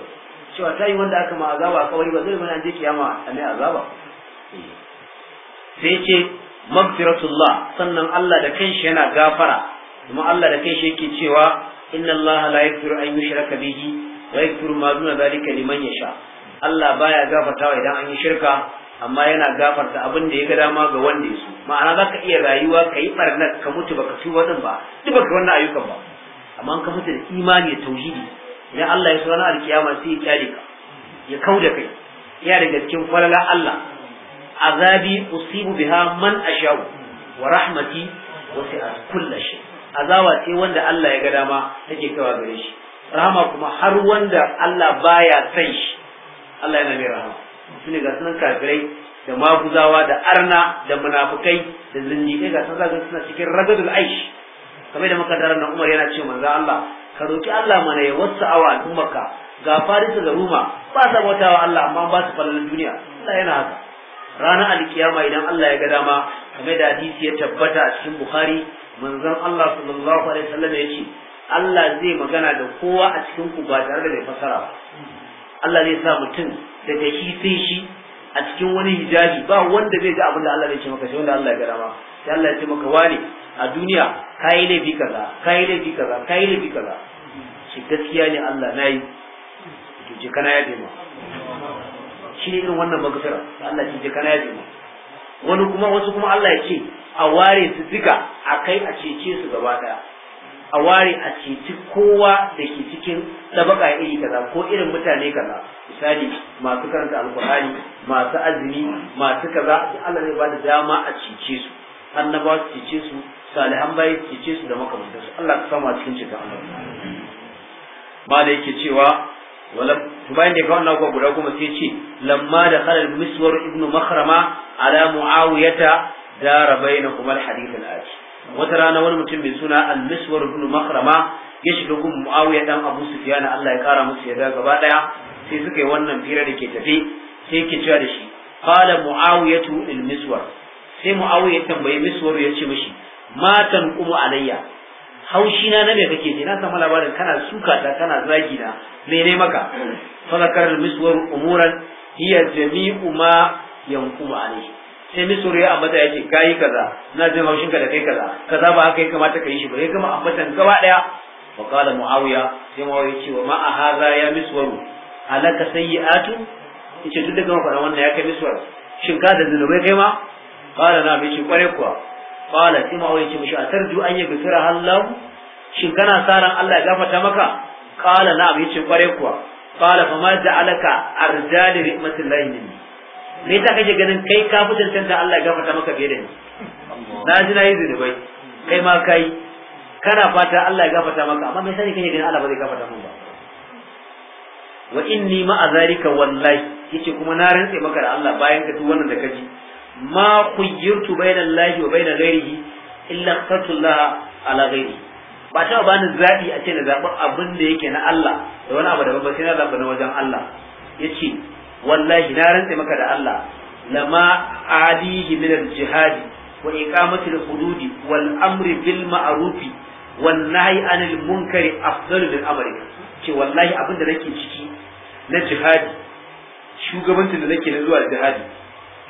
cewa ta yi wanda aka ma azaba a kawai ba zai mana je kiyama a ne azaba sai ce magfiratullah sannan Allah da kanshi yana gafara kuma Allah da kanshi yake cewa inna Allah la yaghfiru an yushraka bihi wa yakfuru ma duna zalika liman yasha Allah baya gafartawa idan an yi shirka amma yana gafarta abin da ya ga dama ga wanda ya ma'ana za ka iya rayuwa ka yi barnar ka mutu baka fi wannan ba duk baka wannan ayyukan ba amma ka mutu da imani da tauhidi idan Allah ya so ranar alkiyama sai ya kyale ka ya kauda kai ya daga cikin falala Allah azabi usibu biha man ashau wa rahmati wasi'at kulli shay azawa ce wanda Allah ya ga dama take kawa gare shi rahama kuma har wanda Allah baya san shi Allah yana mai rahama su ne ga sunan kafirai da maguzawa da arna da munafukai da zindiƙai ga sun zaga suna cikin ragadul aish kamar da muka daren Umar yana ce manzo Allah ka roki Allah mana ya wasu awa al'ummarka ga Farisa da ruma ba sa bautawa Allah amma ba su falalan duniya Allah yana haka ranar alkiyama idan Allah ya ga dama kamar da hadisi ya tabbata a cikin Bukhari manzon Allah sallallahu alaihi wasallam ya ce Allah zai magana da kowa a cikin ku ba tare da mai fasara ba Allah zai sa mutum daga shi sai shi a cikin wani hijabi ba wanda zai ji abin da Allah zai ce maka sai wanda Allah ya gara ma. sai Allah ya ce maka wani a duniya yi laifi kaza yi laifi kaza yi laifi kaza shi gaskiya ne Allah nayi to je kana ya ma. shi ne irin wannan magfira Allah ce je kana ya ma. wani kuma wasu kuma Allah ya ce a ware su duka a kai a cece su gaba daya a ware a ceci kowa da ke cikin tabaka iri kaza ko irin mutane kaza misali masu karanta alkur'ani masu azumi masu kaza Allah zai ba da dama a cece su annaba su cece su salihan bayi su cece su da makamantar su Allah ka samu a cikin cikin Allah. Ba da yake cewa wala bayan da ya wannan nawa guda kuma sai ce lamma da khalal miswar ibnu makhrama ala muawiyata dara bainahuma al-hadith al-aji wata rana wani mutum mai suna al-miswar ibn makrama ya shiga gun muawiya dan abu sufyan Allah ya kara musu yarda gaba daya sai suka yi wannan fira da ke tafe sai yake cewa da shi qala muawiyatu al-miswar sai muawiya tambaye miswar ya ce mishi matan kuma alayya haushi na nabe kake ji na samu labarin kana suka ta kana zagi na me ne maka zakar al-miswar umuran hiya jami'u ma yanqumu alayhi sai misuru ya ambata ya ce kayi kaza na jin haushin ka da kai kaza kaza ba haka ya kamata ka yi shi ba ya gama ambatan gaba daya wa kala muawiya sai muawiya ce wa ma a hadha ya miswaru alaka sayyi'atu yace duk da gama faɗa wannan ya kai miswaru shin ka da zunubai kai ma kala na bai ce kware kuwa kala sai muawiya ce mishi tarju an yaghfira hallahu shin kana sa ran Allah ya gafarta maka kala na bai ce kware kuwa kala fa ma alaka arjali rahmatullahi minni me yasa kake ganin kai ka fi cancanta Allah ya gafarta maka fiye da ni na ji na yi zunubai kai ma kai kana fata Allah ya gafarta maka amma me yasa kake ganin Allah ba zai gafarta mun ba wa inni ma azarika wallahi yace kuma na rantse maka da Allah bayan ka duk wannan da kaji ma khuyyirtu baina Allah wa baina ghairihi illa qatullah ala ghairihi ba ta ba ni zaɓi a ce na zabi abin da yake na Allah da wani abu daban ba sai na zabi na wajen Allah ya ce wallahi na rantsa maka da Allah lama alihi min al-jihad wa iqamati al-hudud wal amri bil ma'ruf wan nahyi anil munkari afdalu min amri ce wallahi abin da nake ciki na jihadi shugabancin da nake na zuwa jihadi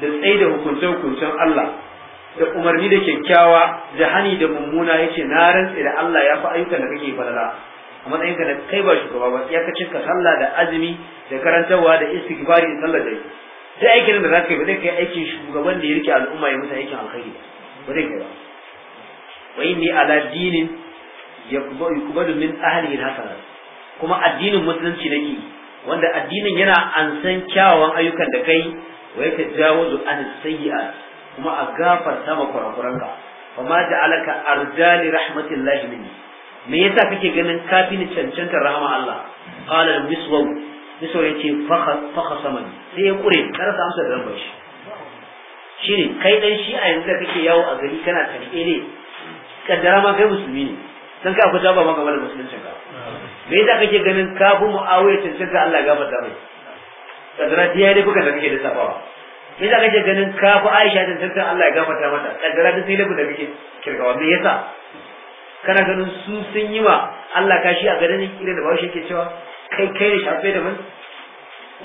da tsaye da hukunce hukuncen Allah da umarni da kyakkyawa da hani da mummuna yace na rantsa da Allah ya fi ayyukan da kake falala a matsayin ka kai ba shugaba ba ya kacin ka sallah da azumi da karantarwa da istighfari da sallar dare sai aikin da za yi ba zai kai aikin shugaban da ya rike al'umma ya musu aikin alkhairi ba zai kai ba wa inni ala dinin yakubadu min kuma addinin musulunci nake wanda addinin yana ansan kyawawan ayyukan da kai wa yatajawuzu an sayyi'at kuma a gafarta ma kurakuranka fa ma ja'alaka arjali rahmatillahi minni me yasa kake ganin kafi ni cancantar rahama Allah qala miswaw miswaw yace fa khasamani sai ya kure kar sa amsa da shi shine kai dan shi a yanzu kake yawo a gari kana tarike ne kaddara ma kai musulmi ne san ka ku jaba maka wala musulunci ka me yasa kake ganin kafi muawiya cancantar Allah ya gafarta mai kaddara ta ne kuka da kake da safawa. me yasa kake ganin kafin Aisha cancantar Allah ya gafarta mata kaddara ta sai da kake kirkawa me yasa kana ganin su sun yi wa Allah kashi a garin kira da bawo ke cewa kai kai ne shafe da mun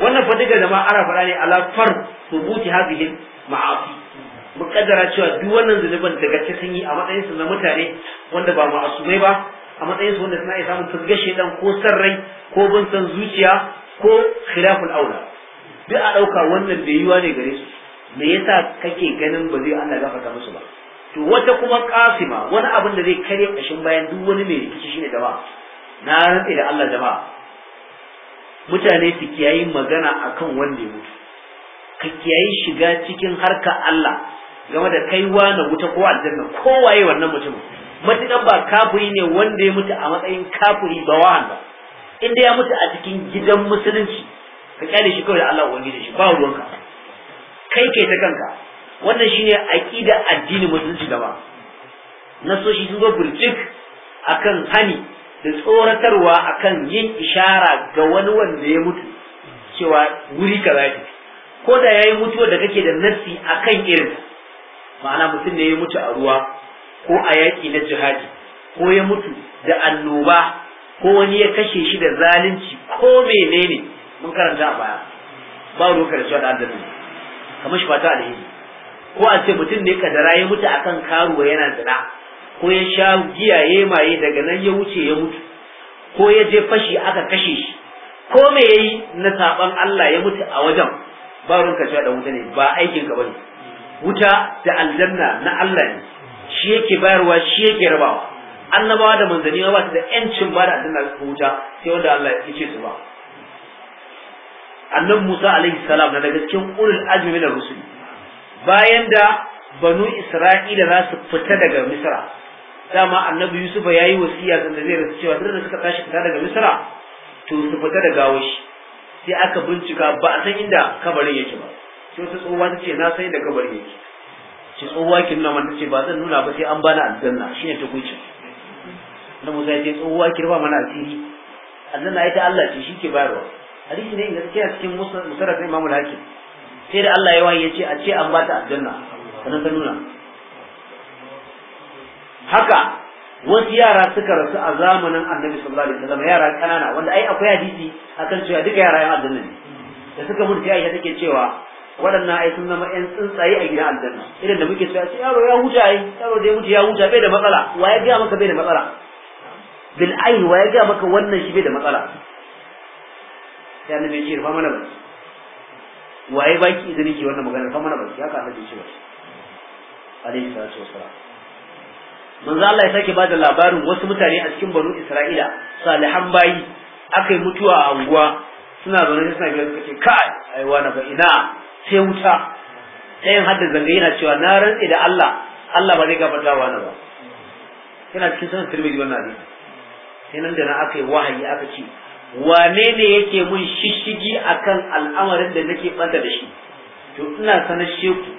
wannan fa duka zama ara fara ne ala far hubuti hadhihi ma'asi mukaddara cewa duk wannan zunuban daga cikin sun yi a matsayin su na mutane wanda ba ma'asumai ba a matsayin su wanda suna iya samun tasgashe dan ko san rai ko bin san zuciya ko khilaful aula duk a dauka wannan bai yiwa ne gare su me yasa kake ganin ba zai Allah gafarta musu ba to wata kuma kasima wani abin da zai kare kashin bayan duk wani mai rikici shi ne jama'a na rantsa da Allah jama'a mutane su kiyayi magana akan wanda ya mutu ka kiyayi shiga cikin harka Allah game da kai na wuta ko aljanna ko waye wannan mutumin matukan ba kafiri ne wanda ya mutu a matsayin kafiri ba wahan In inda ya mutu a cikin gidan musulunci ka kyale shi kawai da Allah da shi ba ruwanka kai kai ta kanka wannan shine aqida addini musulunci gaba nasoshi sun zo burjik akan hani da tsoratarwa akan yin ishara ga wani wanda ya mutu cewa wuri kaza ne ko da yayi mutuwa da kake da nassi akan irin ma'ana mutum ne ya mutu a ruwa ko a yaƙi na jihadi ko ya mutu da annoba ko wani ya kashe shi da zalunci ko menene mun karanta a baya ba ruwa karshe da adalci kamar shi fata alheri ko a ce mutum ne kadara ya mutu akan karuwa yana zina ko ya sha giya ya maye daga nan ya wuce ya mutu ko ya je fashi aka kashe shi ko me yayi na saban Allah ya mutu a wajen ba ruwan ka da wuta ne ba aikin ka bane wuta da aljanna na Allah ne shi yake bayarwa shi yake rabawa annabawa da manzanni ba su da yancin ba da aljanna su wuta sai wanda Allah ya ce su ba annabi Musa alaihi salam na daga cikin ulul azmi na rusuli bayan da banu isra'ila za su fita daga misra dama annabi yusuf ya yi wasiya da zai rasu cewa duk da suka tashi fita daga misra to su fita da gawashi sai aka bincika ba a san inda kabarin yake ba sai wata tsohuwa ta ce na san inda kabarin yake ce tsohuwa ki nuna mana ce ba zan nuna ba sai an bani aljanna shine ta kuce na musa ya ce tsohuwa ki raba mana asiri aljanna ita Allah ce shi ke bayarwa hadisi ne inda suke cikin musnad musnad Imam al-Hakim sai da Allah ya waye ce a ce an bata aljanna sanan ta nuna haka wasu yara suka rasu a zamanin Annabi sallallahu alaihi wasallam yara kanana wanda ai akwai hadisi akan cewa duka yara yan aljanna ne da suka mutu sai Aisha take cewa waɗannan ai sun zama yan tsuntsaye a gidan aljanna irin da muke cewa yaro ya huta ai yaro da ya huta ya huta bai da matsala wa ya ga maka bai da matsala bil ayn wa ya ga maka wannan shi bai da matsala sai annabi ya ce rufa mana ba. waye baki idan yake wannan magana fa mana baki haka Allah ya ce baki alaihi salatu wassalam manzo Allah ya sake bada labarin wasu mutane a cikin banu Isra'ila salihan bayi aka yi mutuwa a anguwa suna zaune suna biyar suka ce kai ai wani ba ina sai wuta ɗayan hadda zanga yana cewa na rantsi da Allah Allah ba zai gafarta wa ba yana cikin sanar tirmidhi wannan hadisi sai nan da na aka yi wahayi aka ce wane ne yake mun shishigi akan al'amarin da nake banta da shi to ina sanar sheku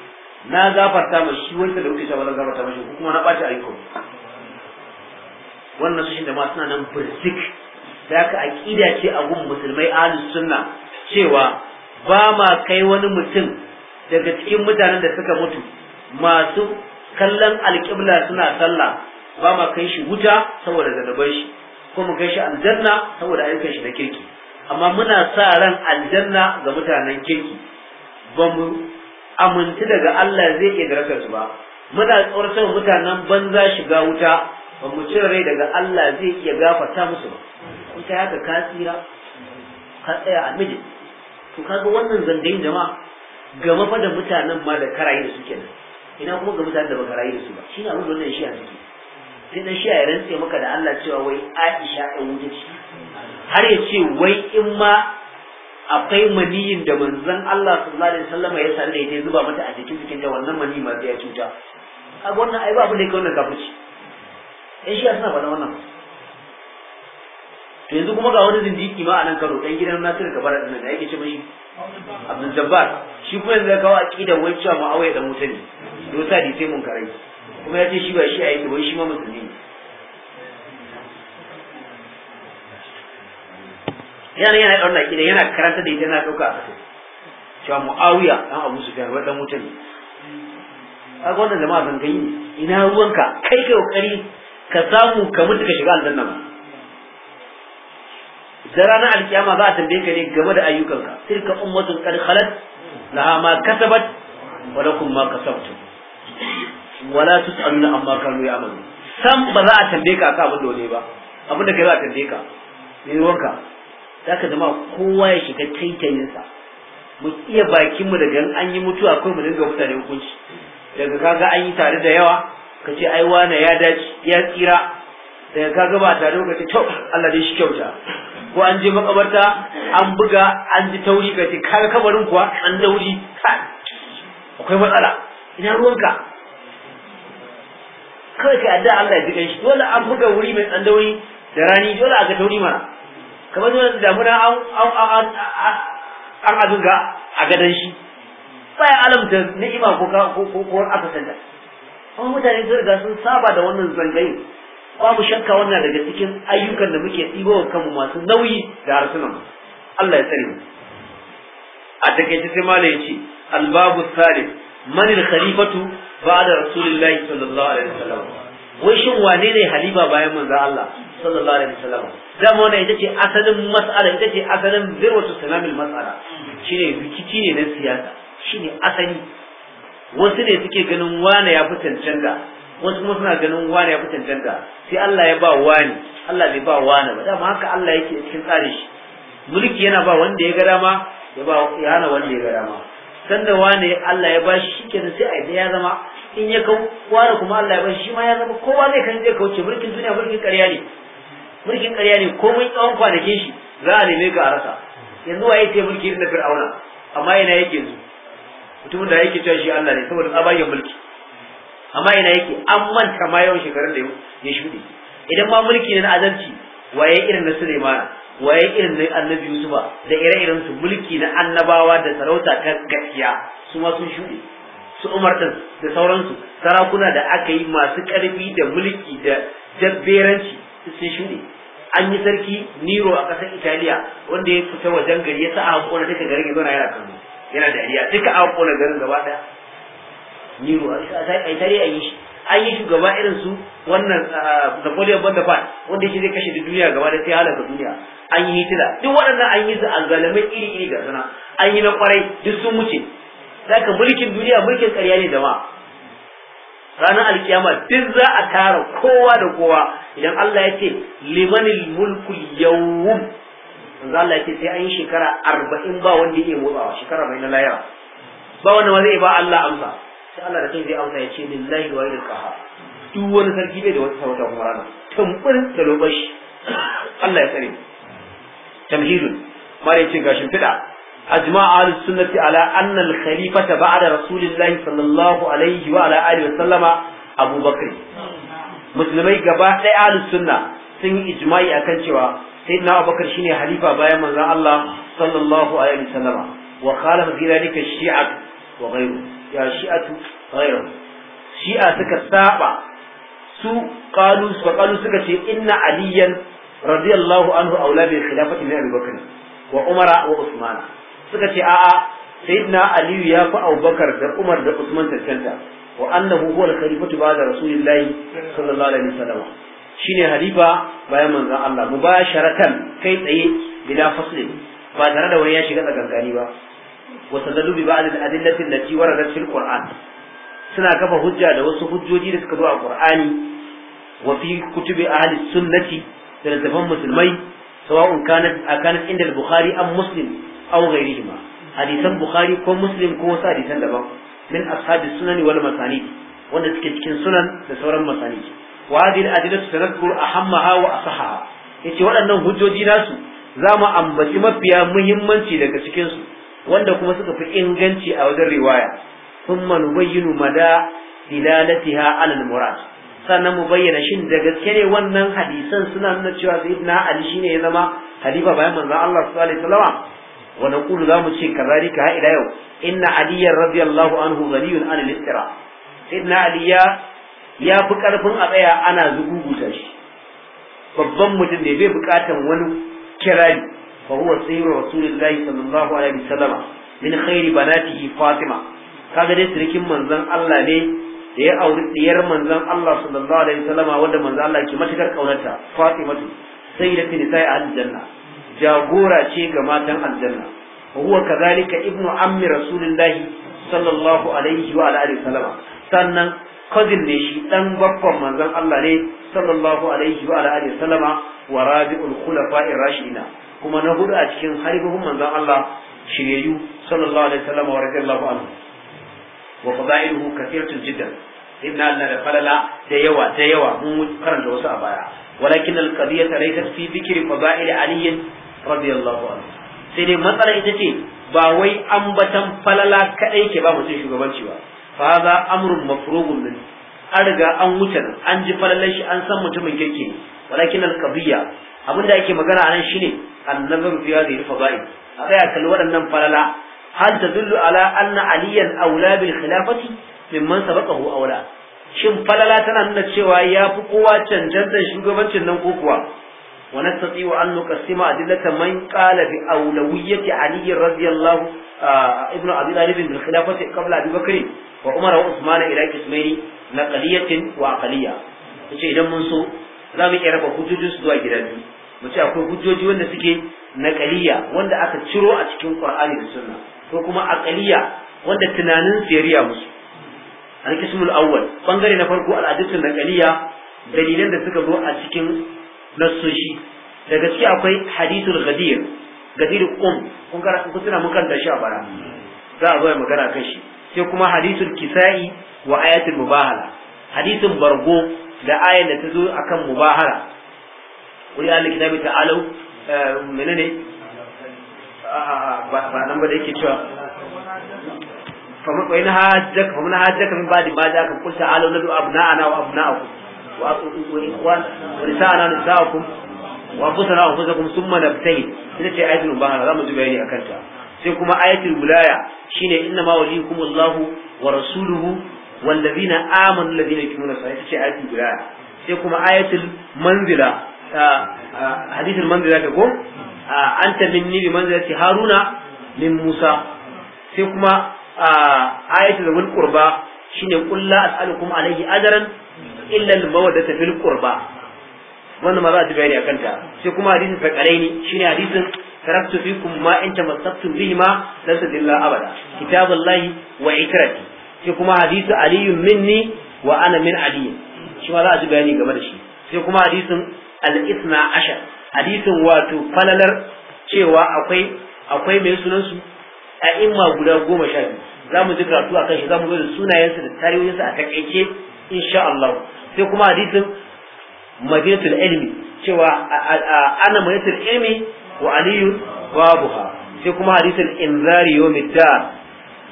na gafarta ma shi wanda da kuke cewa na gafarta ma shi kuma na ɓaci aiko wannan su shi da ma suna nan birzik da haka aƙida ce a gun musulmai ahlus sunna cewa ba ma kai wani mutum daga cikin mutanen da suka mutu masu kallon alƙibla suna sallah ba ma kai shi wuta saboda zanaban shi ko mu kai shi aljanna saboda ayyukan shi na kirki amma muna sa ran aljanna ga mutanen kirki ba mu amintu daga Allah zai iya garkar su ba muna tsoratar mutanen banza shiga wuta ba mu cire rai daga Allah zai iya gafarta musu ba in ka haka ka tsira ka tsaya a miji to ga wannan zandayin jama'a gama fa da mutanen ma da karayi da suke nan ina kuma ga mutanen da ba karayi da su ba ne abin da wannan shi a ciki sai dan shi ya rantse maka da Allah cewa wai Aisha ɗan wuce. har ya ce wai in ma akwai maniyin da manzon Allah sallallahu alaihi wasallam ya da ya zuba mata a cikin cikin da wannan mani ma ya cuta ga wannan ai ba abin da yake wannan kafirci ɗan shi suna bana wannan to yanzu kuma ga wani zindiki ma a nan Kano dan gidan Nasiru Kabara din da yake ce mai Abdul Jabbar shi kuma yanzu ya kawo aqidar wai cewa Muawiya da mutane yau sa di sai mun karai kuma ya ce shi ba shi a yake wai shi ma musulmi yana yana da wannan kidan yana karanta da ita yana ɗauka a kasu cewa mu'awiya ɗan abu su fiye ɗan wuta ne a wannan jama'a a zangayi ne ina ruwanka kai kai kokari ka samu ka mutu ka shiga aljanna ba da ranar alkiyama za a tambaye ka ne game da ayyukanka tilka ummatun qad khalat laha ma kasabat wa lakum ma kasabtum wala tus'aluna amma kanu ya'malu san ba za a tambaye ka akan abin da wani ba abin da kai za a tambaye ka ne wanka za ka zama kowa ya shiga taitayinsa mu iya bakin mu daga an yi mutuwa kawai mu dinga mutane hukunci daga kaga an yi tare da yawa ka ce ai wane ya dace ya tsira daga kaga ba tare ka ce to Allah dai shi kyauta ko an je makabarta an buga an ji tauri ka ce kaga kabarin kuwa an dauri akwai matsala ina ruwanka kawai ka adda Allah ya jiga shi dole an buga wuri mai tsandauri da rani dole a ga tauri mana kamar da damuna an an an azuga a gadon shi baya alamta ni'ima ko ko ko ko aka sanda an mutane sun riga sun saba da wannan zangayin babu shakka wannan daga cikin ayyukan da muke ɗibo kanmu masu nauyi da harsunan Allah ya tsare mu a ta sai malai ce albabu salih man al khalifatu ba'da rasulillahi sallallahu alaihi wasallam wai shin wane ne halifa bayan manzo Allah sallallahu alaihi wasallam dama wannan ita ce asalin mas'ala ita ce asalin zirwatu sanamil mas'ala shine rikici ne na siyasa shine asali wasu ne suke ganin wane ya fi cancanta wasu kuma suna ganin wane ya fi cancanta sai Allah ya ba wani Allah bai ba wani ba dama haka Allah yake cikin tsarin shi mulki yana ba wanda ya ga dama ya ba ya wanda ya ga dama sanda wane Allah ya bashi kenan sai a ya zama in ya kau wane kuma Allah ya bashi shi ma ya zama kowa zai kan zai kauce mulkin duniya mulkin ƙarya ne mulkin ƙarya ne komai tsawon kwanakin shi za a neme ka a rasa yanzu waye sai mulki irin na fir'auna amma ina yake yanzu mutumin da yake cewa shi Allah ne saboda tsabagen mulki amma ina yake an manta ma yawan shekarun da ya shuɗe idan ma mulki ne na azanci waye irin na Sulaimana waye irin na annabi Yusufa da ire-iren su mulki na annabawa da sarauta ta gaskiya su ma sun shuɗe su umartan da sauransu sarakuna da aka yi masu ƙarfi da mulki da jabberanci sun shuɗe an yi sarki Nero a ƙasar Italiya wanda ya fita wajen gari ya sa a hakona duka garin ya zauna yana kallo yana da riya duka a hakona garin gaba ɗaya Nero a Italiya an yi shi an yi shugaba irin su wannan ah, Napoleon Bonaparte wanda shi zai kashe duniya gaba da sai halaka duniya an yi hitila duk waɗannan an yi su azzalamai iri iri ga suna an yi na kwarai duk sun wuce ka mulkin duniya mulkin ƙarya ne jama'a ranar alkiyama duk za a tara kowa da kowa idan Allah ya ce limanil mulku yawm manzo Allah ya ce sai an yi shekara arba'in ba wanda ya motsawa shekara mai na layara ba wanda ma zai ba Allah amsa sai Allah da kai zai amsa ya ce lillahi wa da kaha. duk wani sarki bai da wata sarauta kuma ranar tambur da lobashi Allah ya tsare mu tamhidun mare ga shimfiɗa ajma'a al khalifata ba'da rasulillahi sallallahu alaihi musulmai gaba ɗaya sunna sun yi ijma'i akan cewa sayyidina Abu Bakr bayan manzon Allah sallallahu saba su suka ce inna radiyallahu anhu aula bil khilafati min abubakar wa umara wa usman suka ce a'a sayyidina aliyu ya fi abubakar da umar da usman tantanta wa annahu huwa al khalifatu ba'da rasulillahi sallallahu alaihi wasallam shine halifa bayan manzon Allah mubasharatan kai tsaye bila faslin ba tare da wani ya shiga tsakankani ba wa tadallu bi ba'd al adillati allati waradat fil qur'an suna kafa hujja da wasu hujjoji da suka zo a qur'ani wa fi kutubi ahli sunnati da musulmai sawa'un kanat akanat inda al-bukhari am muslim aw ghayrihima hadisan bukhari ko muslim ko wasu hadisan daban min ashabi sunan wal masanid wanda suke cikin sunan da sauran masanid wa hadhihi al-adillatu tanadhkuru ahammaha wa asahaha yace waɗannan hujjoji nasu za mu ambaci mafiya muhimmanci daga cikin su wanda kuma suka fi inganci a wajen riwaya thumma nubayyinu mada dilalatiha ala al-murad sannan mu bayyana shin da gaske ne wannan hadisan suna nuna cewa sayyidina ali shine ya zama khalifa bayan manzon Allah sallallahu alaihi wasallam wa naqulu za mu ce kazalika ha ila yau inna aliyan radiyallahu anhu ghaniyun an al-istira sayyidina ali ya ya fi karfin a tsaya ana zuguguta shi babban mutum ne bai bukatan wani kirari fa huwa sayyidu rasulillahi sallallahu alaihi wasallam min khairi banatihi fatima kaga dai sirikin manzon Allah ne da ya auri diyar manzon Allah sallallahu alaihi wasallama wanda manzon Allah ke matakar kaunarta da sayyidatu nisa'i aljanna jagora ce ga matan aljanna huwa kadhalika ibnu ammi rasulillahi sallallahu alaihi wa alihi wasallama sannan cousin ne shi dan babban manzon Allah ne sallallahu alaihi wa alihi wasallama wa rabi'ul khulafa'ir rashidina kuma na hudu a cikin harifin manzon Allah shiryayyu sallallahu alaihi wasallama wa radiyallahu anhu wa fadailuhu kathiratun jiddan inna Allah da falala da yawa ta yawa mun karanta wasu a baya walakin alqadiyata laysat fi dhikri fadail ali radiyallahu anhu sai dai matsala ita ce ba wai ambatan falala kadai ke ba mutum shugabanci ba fa hadha amrun mafrughun min an riga an wuce nan an ji falalar shi an san mutumin kirki ne walakin alqadiyya abinda ake magana anan shine annazar fi hadhihi alfadail a tsaya kalli waɗannan falala Harta tadullu ala anna aliyan aula bil khilafati mimman sabaqahu aula shin falala tana nuna cewa ya fi kowa cancantar shugabancin nan ko kuwa wa nastati'u an nuqassima adillata man qala bi awlawiyyati ali radiyallahu ibnu abi talib bil khilafati qabla abi bakr wa umar wa usman ila qismaini naqliyatin wa aqliya yace idan mun so za mu iya raba hujjojin zuwa gida biyu mu ce akwai hujjoji wanda suke na naqliya wanda aka ciro a cikin qur'ani da sunna ko kuma aqliya wanda tunanin su ya musu alkismul awwal bangare na farko al'adatun naqliya dalilan da suka zo a cikin nassoshi da gaske akwai hadithul ghadir gadir qum kun kara kun tuna mun kanta shi a bara za a zo ya magana kan shi sai kuma hadithul kisai wa ayatul mubahala hadithun bargo da ayan da ta zo akan mubahala qul ya alkitabi ta'alu eh, menene ba nan ba da yake cewa kamar kwayi na hajjak kamar na ba di baja kan kusa alo na du'a abna ana wa abna aku wa ikwan wa nisa ana nisa aku wa kusa sun mana tayi ina ce ayatul ba za mu ji bayani akan sai kuma ayatul bulaya shine inna ma waliyukum allahu wa rasuluhu wal ladina amanu ladina kuna sai ita ce ayatul sai kuma ayatul manzila hadithul manzila ta gum anta minni bi manzilati haruna min musa sai kuma ayatul zul qurba shine qul la as'alukum alayhi ajran illa al mawaddata fil qurba wannan ma za a ji bayani akan ta sai kuma hadisin fakalaini shine hadisin taraktu fikum ma in tamassaktum bihi ma lan tadilla abada kitabullahi wa ikrati sai kuma hadisu aliyu minni wa ana min aliyin shi ma za a ji bayani game da shi sai kuma hadisin al-ithna ashar hadisin wato falalar cewa akwai akwai mai sunansu su a imma guda goma sha biyu za mu ji karatu a kan shi za mu da sunayensu da tarihinsu a takaice insha Allah sai kuma hadisin madinatul ilmi cewa ana madinatul ilmi wa aliyu babuha sai kuma hadisin inzari yawmid dar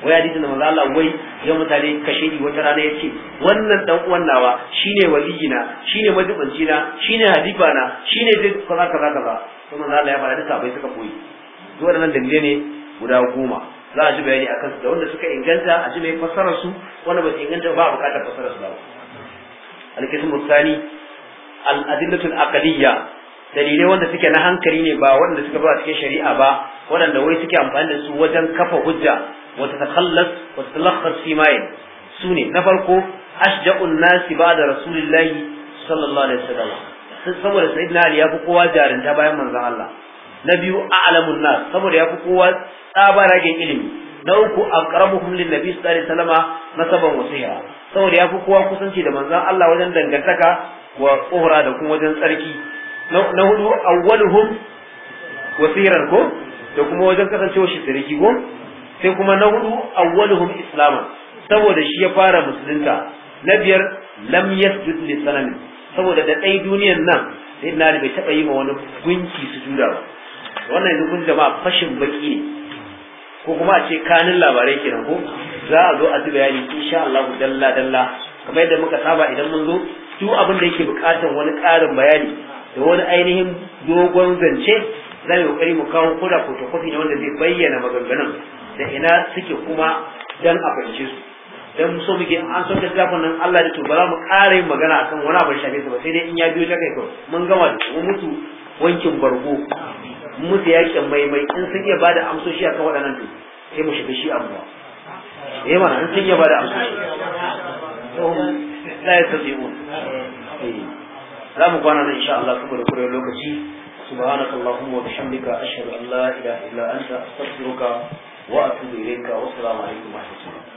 wai hadisin da manzo Allah wai ya mutane ni wata rana ya ce. wannan dan uwan nawa shine waliyina shine majibanci na shine hadifa na shine zai kaza kaza kaza to Allah ya fara duka bai suka koyi to wannan dalilai ne guda goma za a ji bayani akan su da wanda suka inganta a ji mai fassarar su wanda ba su inganta ba a bukatar fassarar su ba al-qismu al-adillatu al dalilai wanda suke na hankali ne ba wanda suka ba cikin shari'a ba waɗanda wai suke amfani da su wajen kafa hujja wata takallas wata talakhas fi su ne na farko ashja'un nasi ba da rasulillahi sallallahu alaihi wasallam saboda sayyidina ali ya fi kowa jarinta bayan manzon Allah na biyu a'lamun nas saboda ya fi kowa tsabaragen ilimi na uku aqrabuhum lin nabi sallallahu alaihi wasallam nasaban wasiha saboda ya fi kowa kusanci da manzon Allah wajen dangantaka wa kohra da kuma wajen tsarki na hudu awwaluhum wasiran ko da kuma wajen kasancewa shi siriki ko sai kuma na hudu awwaluhum islama saboda shi ya fara musulunta na biyar lam yasjud li sanamin saboda da ɗai duniyan nan sai na bai taba yi ma wani gunki su jura ba wannan yanzu kun jama'a fashin baki ne ko kuma a ce kanin labarai kenan ko za a zo a ji bayani insha Allah dalla dalla kamar yadda muka saba idan mun zo duk abin da yake buƙatar wani ƙarin bayani da wani ainihin dogon zance za mu kokari mu kawo koda photocopy ne wanda zai bayyana maganganun da ina suke kuma dan a su dan so muke an so da zafin nan Allah da to ba za mu ƙara yin magana akan wani abin shafe su ba sai dai in ya biyo ta kai ko mun gama da mu mutu wankin bargo da yakin maimai in sun iya bada amsoshi akan waɗannan to sai mu shiga shi abuwa eh mana in sun iya bada amsoshi la eh za mu kwana nan insha Allah saboda kure lokaci subhanaka allahumma wa bihamdika ashhadu an la ilaha illa anta astaghfiruka wa atubu ilayka wa assalamu alaikum wa rahmatullahi